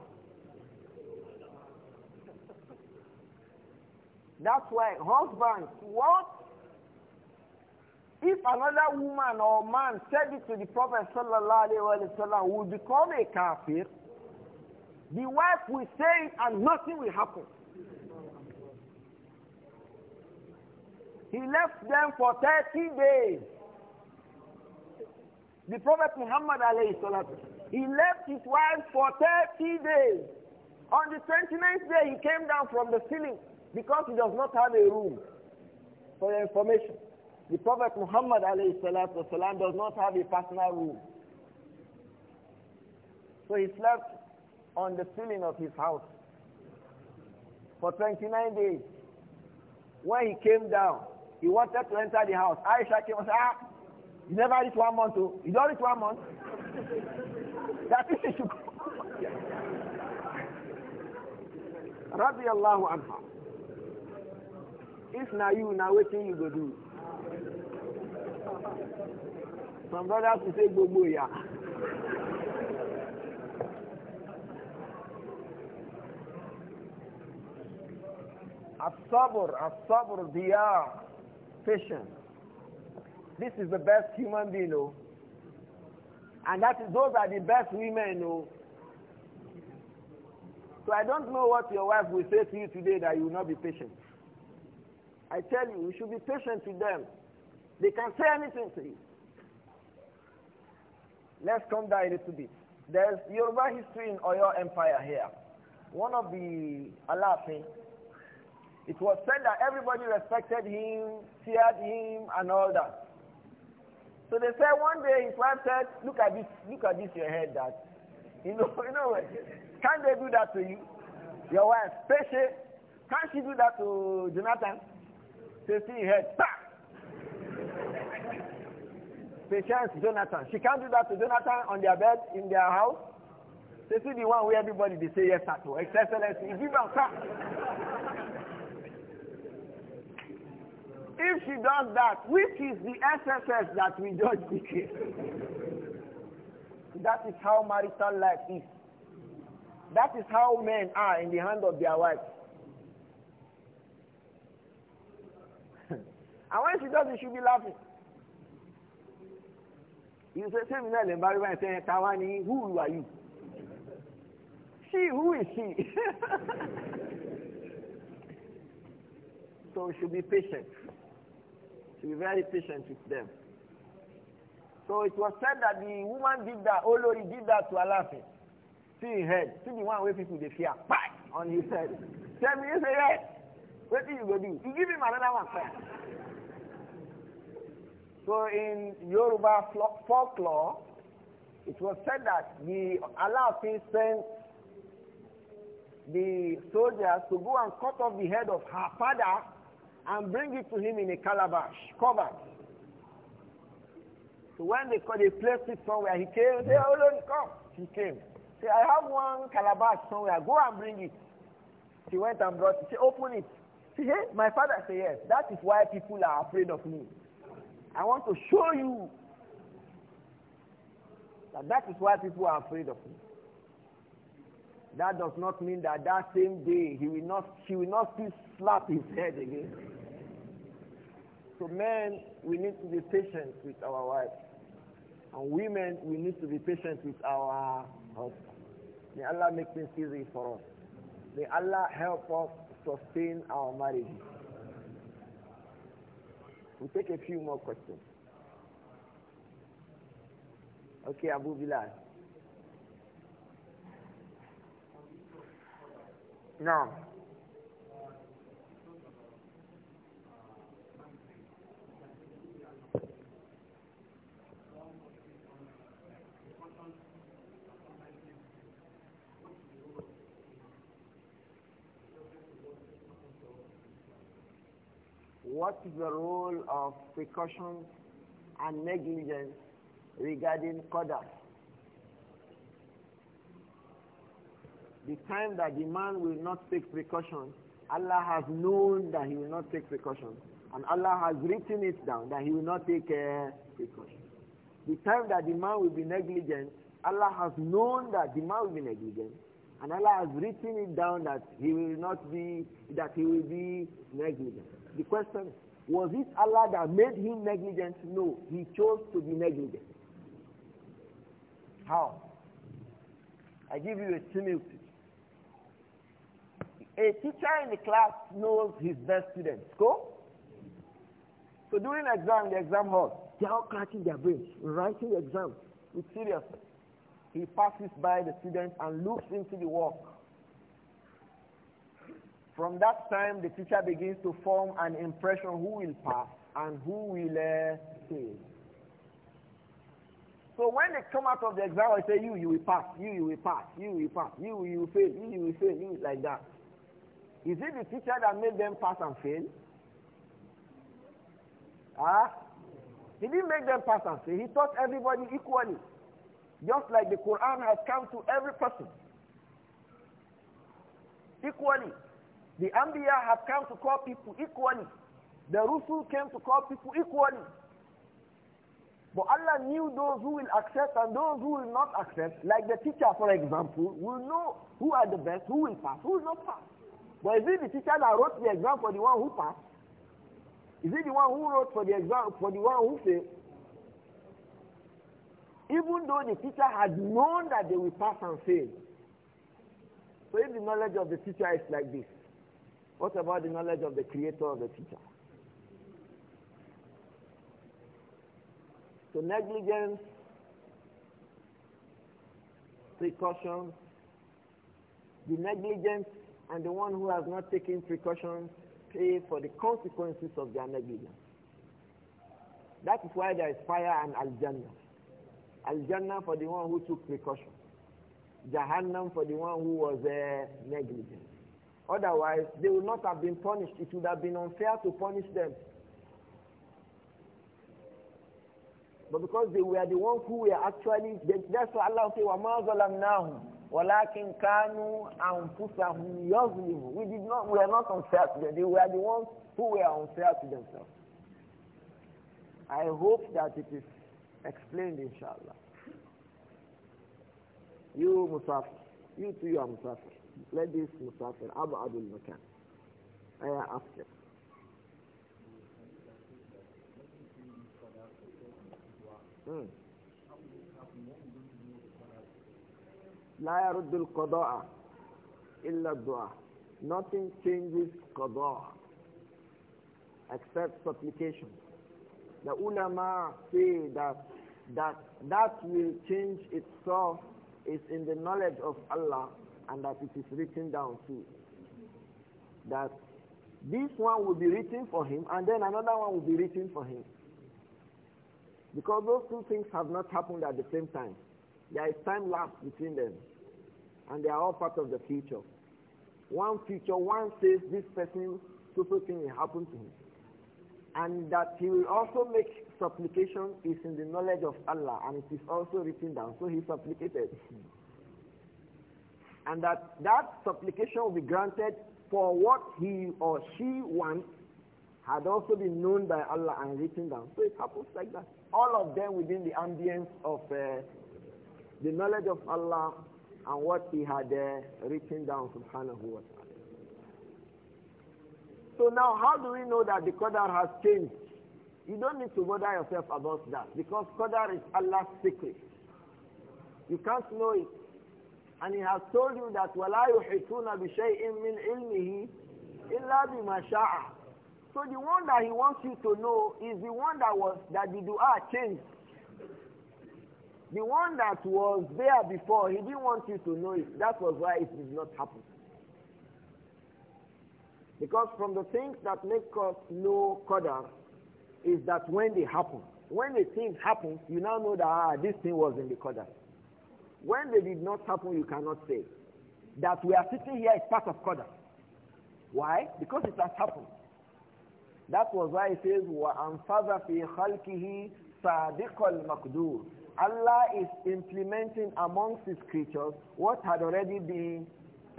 That's why husbands, what? If another woman or man said it to the Prophet sallallahu wasallam, will become a kafir, the wife will say it and nothing will happen. He left them for 30 days. The Prophet Muhammad he left his wife for 30 days. On the 29th day, he came down from the ceiling because he does not have a room. For your information, the Prophet Muhammad والسلام, does not have a personal room. So he slept on the ceiling of his house for 29 days. When he came down, He wanted to enter the house. Aisha came and said, ah, you never reach one month. Oh. You don't reach one month. that is it. Rabbi Allahu anha. If na you, now waiting you go do. Some brothers will say, Bobo, yeah. الصبر الصبر ضياع This is the best human being, oh. And that is, those are the best women, oh. So I don't know what your wife will say to you today that you will not be patient. I tell you, you should be patient with them. They can say anything to you. Let's come down a little bit. There's Yoruba history in Oyo Empire here. One of the Alafin, it was said that everybody respected him, feared him, and all that. So they said one day his wife said, "Look at this, look at this, your head, that you know, you know, can they do that to you? Your wife, Peshe, can she do that to Jonathan? They see head, Patience, Jonathan. She can't do that to Jonathan on their bed in their house. They see the one where everybody they say yes to. Excellency, give them If she does that, which is the SSS that we judge the that is how marital life is. That is how men are in the hand of their wives. and when she does it, she'll be laughing. You say, similar environment, say, Tawani, who are you? She, who is she? so she'll be patient to be very patient with them. So it was said that the woman did that, he did that to Allah. See his head. See the one where people they fear. Bang! On his head. Tell me, you say yes. What do you to do? You give him another one. so in Yoruba folklore, it was said that the Allah sent the soldiers to go and cut off the head of her father and bring it to him in a calabash, covered. So when they, they placed it somewhere, he came, They oh, come. He came. Say, I have one calabash somewhere, go and bring it. He went and brought it. He open it. He said, my father said, yes, that is why people are afraid of me. I want to show you that that is why people are afraid of me. That does not mean that that same day he will not, he will not still slap his head again. So men, we need to be patient with our wives. And women, we need to be patient with our husbands. May Allah make things easy for us. May Allah help us sustain our marriages. we take a few more questions. Okay, Abu Bilal. No. what is the role of precaution and negligence regarding qadar? The time that the man will not take precaution, Allah has known that he will not take precaution. And Allah has written it down that he will not take uh, precaution. The time that the man will be negligent, Allah has known that the man will be negligent. And Allah has written it down that he will not be, that he will be negligent. The question was it Allah that made him negligent? No, he chose to be negligent. How? I give you a simile. A teacher in the class knows his best students. Go. So during the exam, the exam hall, they are all cracking their brains, writing the exam with seriousness. He passes by the students and looks into the work from that time, the teacher begins to form an impression who will pass and who will uh, fail. So when they come out of the exam, I say, you, you will pass, you, you will pass, you, will pass, you, you will fail, you, you will fail, you, like that. Is it the teacher that made them pass and fail? Ah? Huh? He didn't make them pass and fail. He taught everybody equally. Just like the Quran has come to every person. Equally. The Ambiya have come to call people equally. The Rusul came to call people equally. But Allah knew those who will accept and those who will not accept. Like the teacher, for example, will know who are the best, who will pass, who will not pass. But is it the teacher that wrote the exam for the one who passed? Is it the one who wrote for the exam for the one who failed? Even though the teacher had known that they will pass and fail. So if the knowledge of the teacher is like this, what about the knowledge of the creator of the teacher? So negligence, precautions, the negligence and the one who has not taken precautions pay for the consequences of their negligence. That is why there is fire and al-jannah. Al-jannah for the one who took precaution. Jahannam for the one who was uh, negligent. Otherwise, they would not have been punished. It would have been unfair to punish them. But because they were the ones who were actually, they, that's why Allah said, وَمَا ظَلَمْنَاهُمْ وَلَكِنْ كَانُوا أَنفُسَهُمْ يَظْلِمُونَ We did not, we were not unfair to them. They were the ones who were unfair to themselves. I hope that it is explained, inshallah. You, Musafir, you too, you are Musafir let this musafir Abu Abdul Makan. Ayah hmm. لا يرد القضاء إلا الدعاء nothing changes qada except supplication. The ulama say that that that will change itself is in the knowledge of Allah and that it is written down too. That this one will be written for him and then another one will be written for him. Because those two things have not happened at the same time. There is time lapse between them. And they are all part of the future. One future, one says this person, super thing will happen to him. And that he will also make supplication is in the knowledge of Allah and it is also written down. So he supplicated and that that supplication will be granted for what he or she wants had also been known by Allah and written down. So it happens like that. All of them within the ambience of uh, the knowledge of Allah and what he had uh, written down, subhanahu wa ta'ala. So now how do we know that the Qadar has changed? You don't need to bother yourself about that because Qadar is Allah's secret. You can't know it and he has told you that وَلَا يُحِيطُونَ بِشَيْءٍ مِّنْ عِلْمِهِ إِلَّا بِمَا شَاءَ So the one that he wants you to know is the one that was that the dua changed. The one that was there before, he didn't want you to know it. That was why it did not happen. Because from the things that make us know Qadar is that when they happen, when a thing happens, you now know that ah, this thing was in the Qadar. When they did not happen, you cannot say. That we are sitting here is part of Qadr. Why? Because it has happened. That was why it says, وَأَنْفَذَ فِي خَلْقِهِ صَادِقَ الْمَقْدُورِ Allah is implementing amongst his creatures what had already been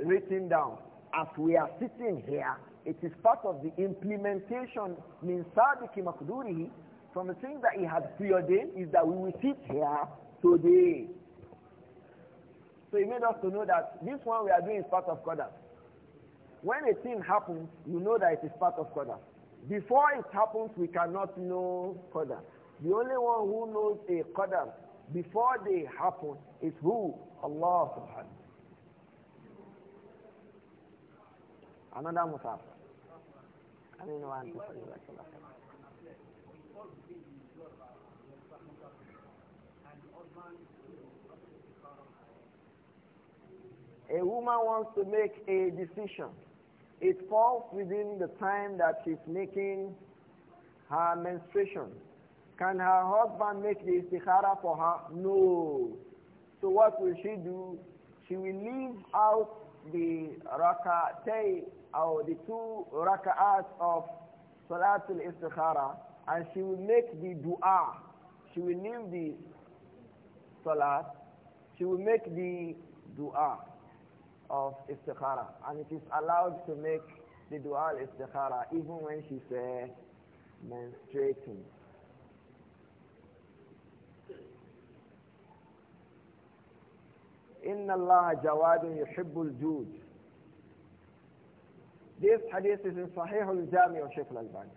written down. As we are sitting here, it is part of the implementation min sadiki makdurihi from the thing that he had preordained is that we will sit here today so he made us to know that this one we are doing is part of Qadr. When a thing happens, you know that it is part of Qadr. Before it happens, we cannot know Qadr. The only one who knows a Qadr before they happen is who? Allah subhanahu another musaf. I mean, one, two, three, four, five, a woman wants to make a decision, it falls within the time that she's making her menstruation. Can her husband make the istikhara for her? No. So what will she do? She will leave out the rak'atay or the two raka'at of Salatul Istikhara and she will make the dua. She will leave the salat. She will make the dua of istikhara. And it is allowed to make the dua istikhara even when she's uh, menstruating. Inna Allāh جواد يحب الجود This hadith is in Sahih al-Jami of Shaykh al-Albani.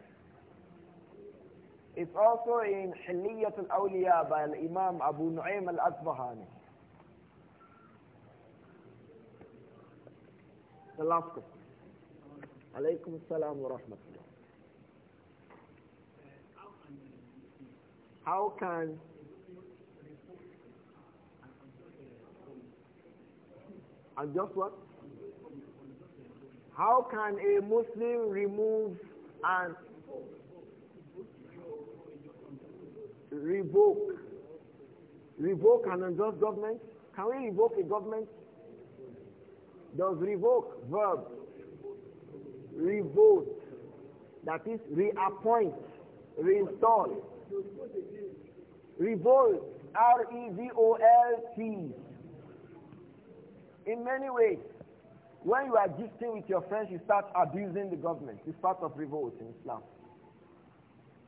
It's also in Hiliyat al-Awliya by Imam Abu Nu'aym al-Asbahani. The last question. Alaykum salam wa rahmatullah. How can and just what? How can a Muslim remove and revoke revoke an unjust government? Can we revoke a government? Does revoke verb? Revoke. That is reappoint, reinstall. Revolt. R-E-V-O-L-T. In many ways, when you are gisting with your friends, you start abusing the government. It's part of revolt in Islam.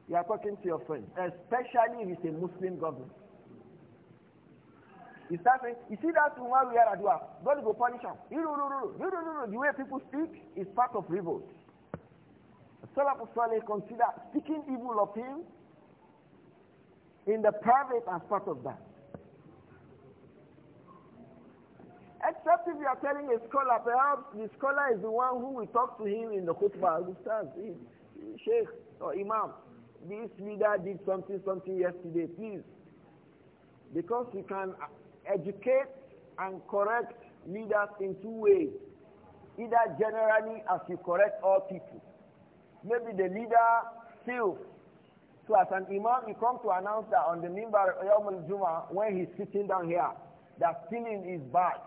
You are talking to your friends, especially if it's a Muslim government. He starts saying, you see that woman we are Adua, God will punish him. The way people speak is part of revolt. Salaf Saleh consider speaking evil of him in the private as part of that. Except if you are telling a scholar, perhaps the scholar is the one who will talk to him in the khutbah. Ustaz, Sheikh or Imam, this leader did something, something yesterday, please. Because you can educate and correct leaders in two ways. Either generally as you correct all people. Maybe the leader feels. So as an imam, you come to announce that on the member al-Jum'ah, when he's sitting down here, that feeling is bad.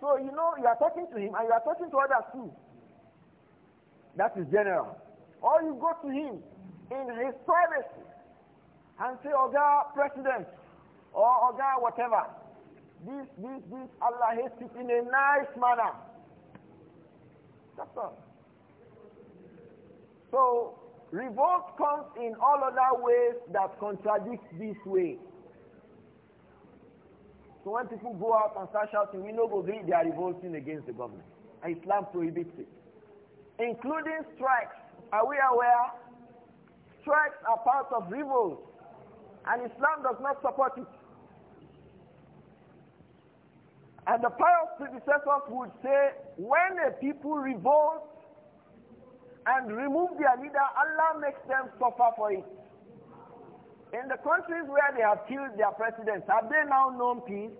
So you know, you are talking to him and you are talking to others too. That is general. Or you go to him in his privacy and say, other President, or Oga, whatever. This, this, this, Allah hates it in a nice manner. That's all. So, revolt comes in all other ways that contradict this way. So when people go out and start shouting, we know they they are revolting against the government. And Islam prohibits it. Including strikes. Are we aware? Strikes are part of revolt. And Islam does not support it. And the pious predecessors would say, when a people revolt and remove their leader, Allah makes them suffer for it. In the countries where they have killed their presidents, have they now known peace?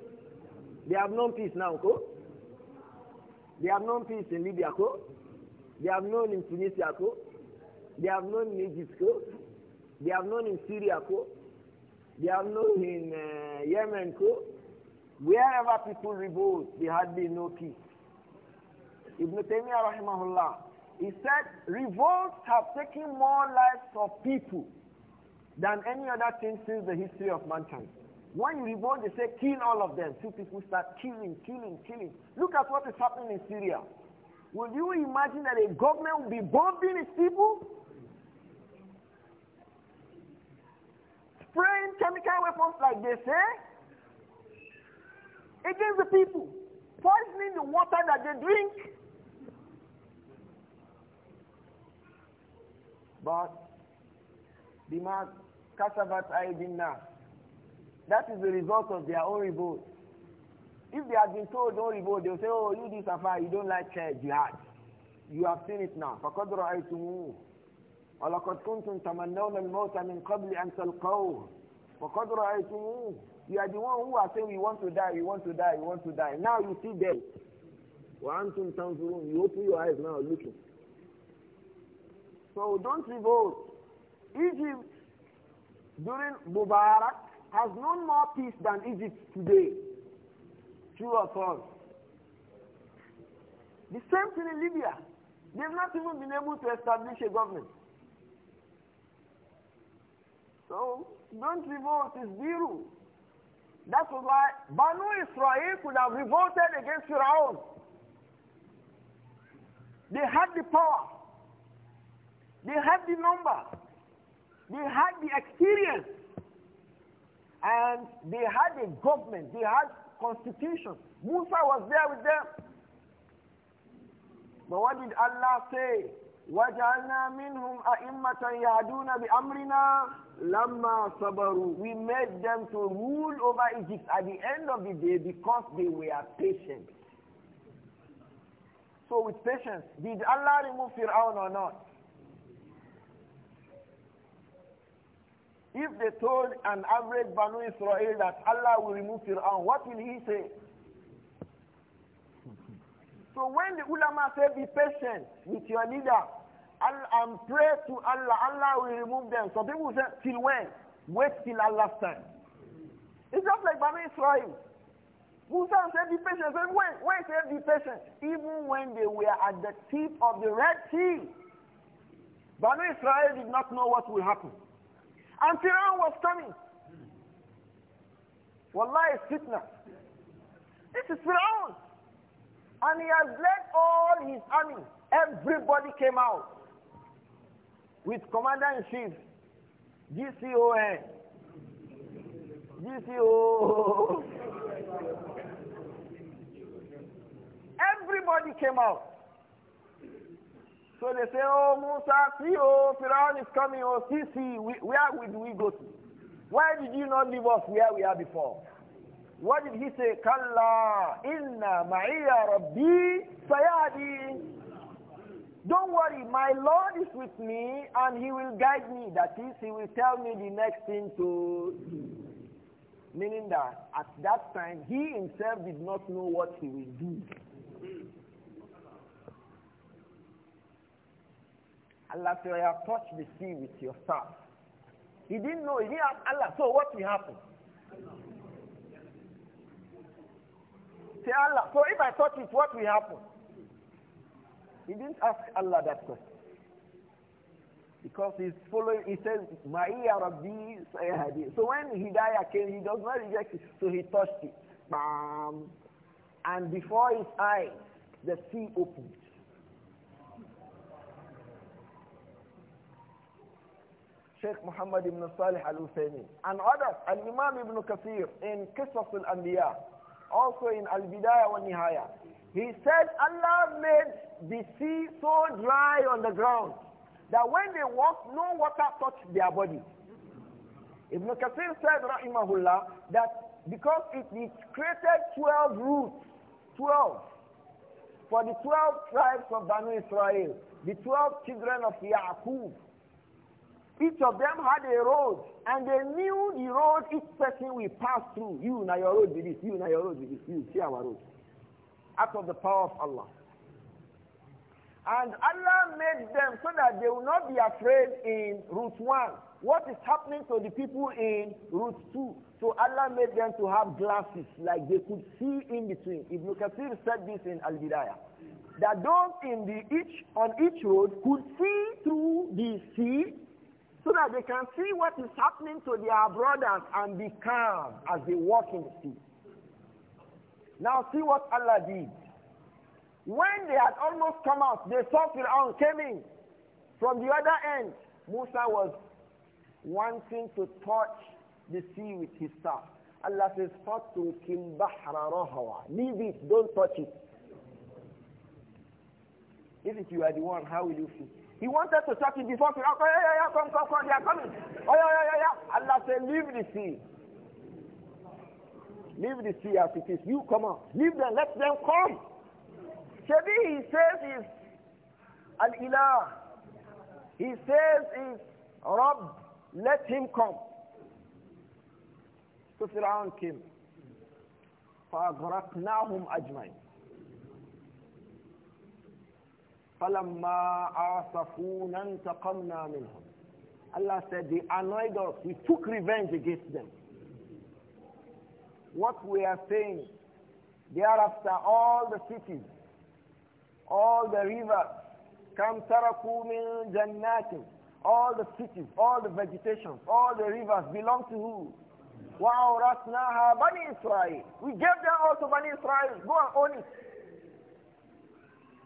They have known peace now, ko? They have known peace in Libya, ko? They have known in Tunisia, ko? They have known in Egypt, ko? They have known in Syria, ko? They have known in uh, Yemen, ko? Wherever people revolt, they been no peace. Ibn Taymiyyah rahimahullah, he said, revolts have taken more lives of people than any other thing since the history of mankind. When you revolt, they say, kill all of them. Two people start killing, killing, killing. Look at what is happening in Syria. Will you imagine that a government will be bombing its people? Spraying chemical weapons like they say? against the people, poisoning the water that they drink. But bima kasabat aydinna. That is the result of their own revolt. If they have been told don't revolt, they'll say, oh, you this affair, you don't like uh, jihad. You have seen it now. فَقَدْ رَأَيْتُمُوهُ وَلَقَدْ كُنْتُمْ تَمَنَّوْنَ الْمَوْتَ مِنْ قَبْلِ أَنْ تَلْقَوْهُ رَأَيْتُمُوهُ you are the one who are saying, we want to die, we want to die, we want to die. Now you see death. You open your eyes now, looking. So don't revolt. Egypt, during Mubarak, has known more peace than Egypt today. True or false? The same thing in Libya. They've not even been able to establish a government. So, don't revolt, it's zero. That was why Banu Israel could have revolted against Pharaoh. They had the power. They had the number. They had the experience. And they had a government. They had constitution. Musa was there with them. But what did Allah say? وَجَعَلْنَا مِنْهُمْ أَئِمَّةً يَهْدُونَ بِأَمْرِنَا لَمَّا صَبَرُوا We made them to rule over Egypt at the end of the day because they were patient. So with patience, did Allah remove Fir'aun or not? If they told an average Banu Israel that Allah will remove Fir'aun, what will he say? So when the ulama say be patient with your leader, Allah, and pray to Allah. Allah will remove them. Some people say, till when? Wait till Allah's time. It's just like Bani Israel. Musa said, be patient. Said, when? When said, be patient. Even when they were at the tip of the Red Sea, Bani Israel did not know what will happen. And Pharaoh was coming. Wallahi, fitna. This is Pharaoh. And he has led all his army. Everybody came out with commander-in-chief, GCON, GCO. Everybody came out. So they say, oh, Musa, see, oh, Firaun is coming, oh, see, see, where would we go to? Why did you not leave us where we are before? What did he say? Kalla inna ma'iya rabbi sayadi. Don't worry, my Lord is with me and he will guide me. That is, he will tell me the next thing to do. Meaning that at that time, he himself did not know what he will do. Allah said, I have touched the sea with your staff. He didn't know. He didn't ask Allah. So what will happen? Say Allah. So if I touch it, what will happen? He didn't ask Allah that question. Because he's following, he says, Ma'iya Rabbi Sayyadi. So when Hidayah came, he does not reject it. So he touched it. Bam. And before his eyes, the sea opened. Sheikh Muhammad ibn Salih al-Husayni and others, Al-Imam ibn Kathir in Qisas al-Anbiya, also in Al-Bidayah wa Nihaya. He said Allah made the sea so dry on the ground that when they walked, no water touched their body. Ibn Kathir said, Rahimahullah, that because it, it created 12 roots, 12, for the 12 tribes of Banu Israel, the 12 children of Yaqub, each of them had a road, and they knew the road each person will pass through. You, now your road this, you, now your road this, you, see our road. Out of the power of Allah. And Allah made them so that they will not be afraid in route one. What is happening to the people in route two? So Allah made them to have glasses like they could see in between. Ibn Kathir said this in Al-Bidayah. That those in the each on each road could see through the sea so that they can see what is happening to their brothers and be calm as they walk in the sea. Now see what Allah did. When they had almost come out, they saw Fir'aun came in from the other end. Musa was wanting to touch the sea with his staff. Allah says, فَتْرُكِ الْبَحْرَ رَهَوَى Leave it, don't touch it. If you are the one, how will you feel? He wanted to touch it before Fir'aun. Oh, yeah, yeah, come, come, come, they are coming. Oh, yeah, yeah, yeah, yeah. Allah said, leave the sea. Leave the sea as it is. You come out. Leave them, let them come he says is Al-Ilah. He says is Rabb, let him come. So Fir'aun came. فأغرقناهم أجمعين فلما عاصفونا انتقمنا منهم Allah said they annoyed us we took revenge against them what we are saying thereafter all the cities all the rivers, kam تركوا من all the cities, all the vegetation, all the rivers belong to who? Wa وَأَوْرَثْنَاهَا بَنِي Israel. We gave them all to Bani Israel. Go and own it.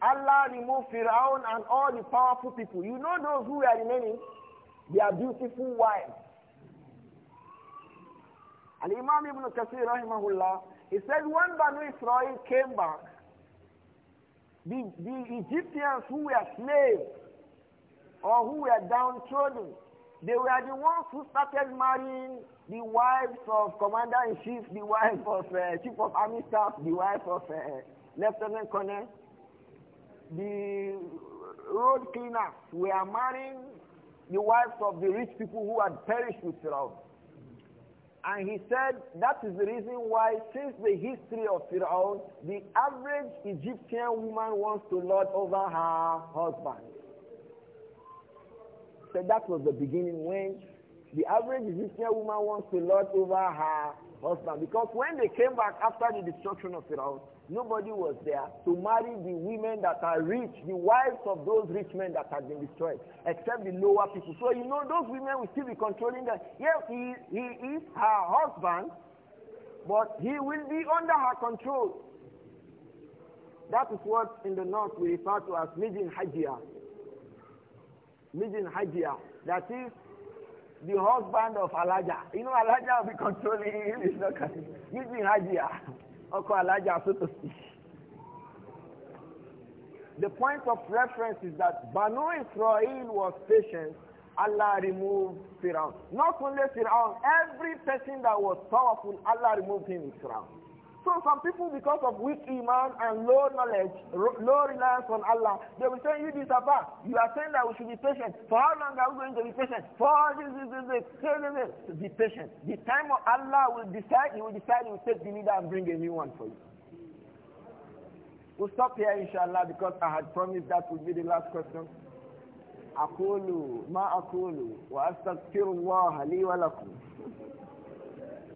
Allah removed Firaun and all the powerful people. You know those who are remaining? They are beautiful wives. And Imam Ibn Kathir, rahimahullah, he said, when Banu Israel came back, the, the Egyptians who were slaves or who were downtrodden, they were the ones who started marrying the wives of commander-in-chief, the wife of uh, chief of army staff, the wife of uh, lieutenant colonel. The road cleaners were marrying the wives of the rich people who had perished with Pharaoh. And he said that is the reason why since the history of Pharaoh, the average Egyptian woman wants to lord over her husband. So that was the beginning when the average Egyptian woman wants to lord over her husband. Because when they came back after the destruction of Pharaoh, Nobody was there to marry the women that are rich, the wives of those rich men that had been destroyed, except the lower people. So you know those women will still be controlling them. Yes, he, he is her husband, but he will be under her control. That is what in the north we refer to as Mijin Hajia. Mijin Hajia. That is the husband of Alaja. You know Alaja will be controlling him. not Mijin Hajia. The point of reference is that Banu Israel was patient. Allah removed Firaun. Not only Firaun, every person that was powerful, Allah removed him in Firaun. So some people, because of weak iman and low knowledge, low reliance on Allah, they will say, you this about. You are saying that we should be patient. For how long are we going to be patient? For this, this, this, this, this, this, this. Be patient. The time of Allah will decide, He will decide, He will take the leader and bring a new one for you. We'll stop here, inshallah, because I had promised that would be the last question. أقول ما أقول وأستغفر الله لي ولكم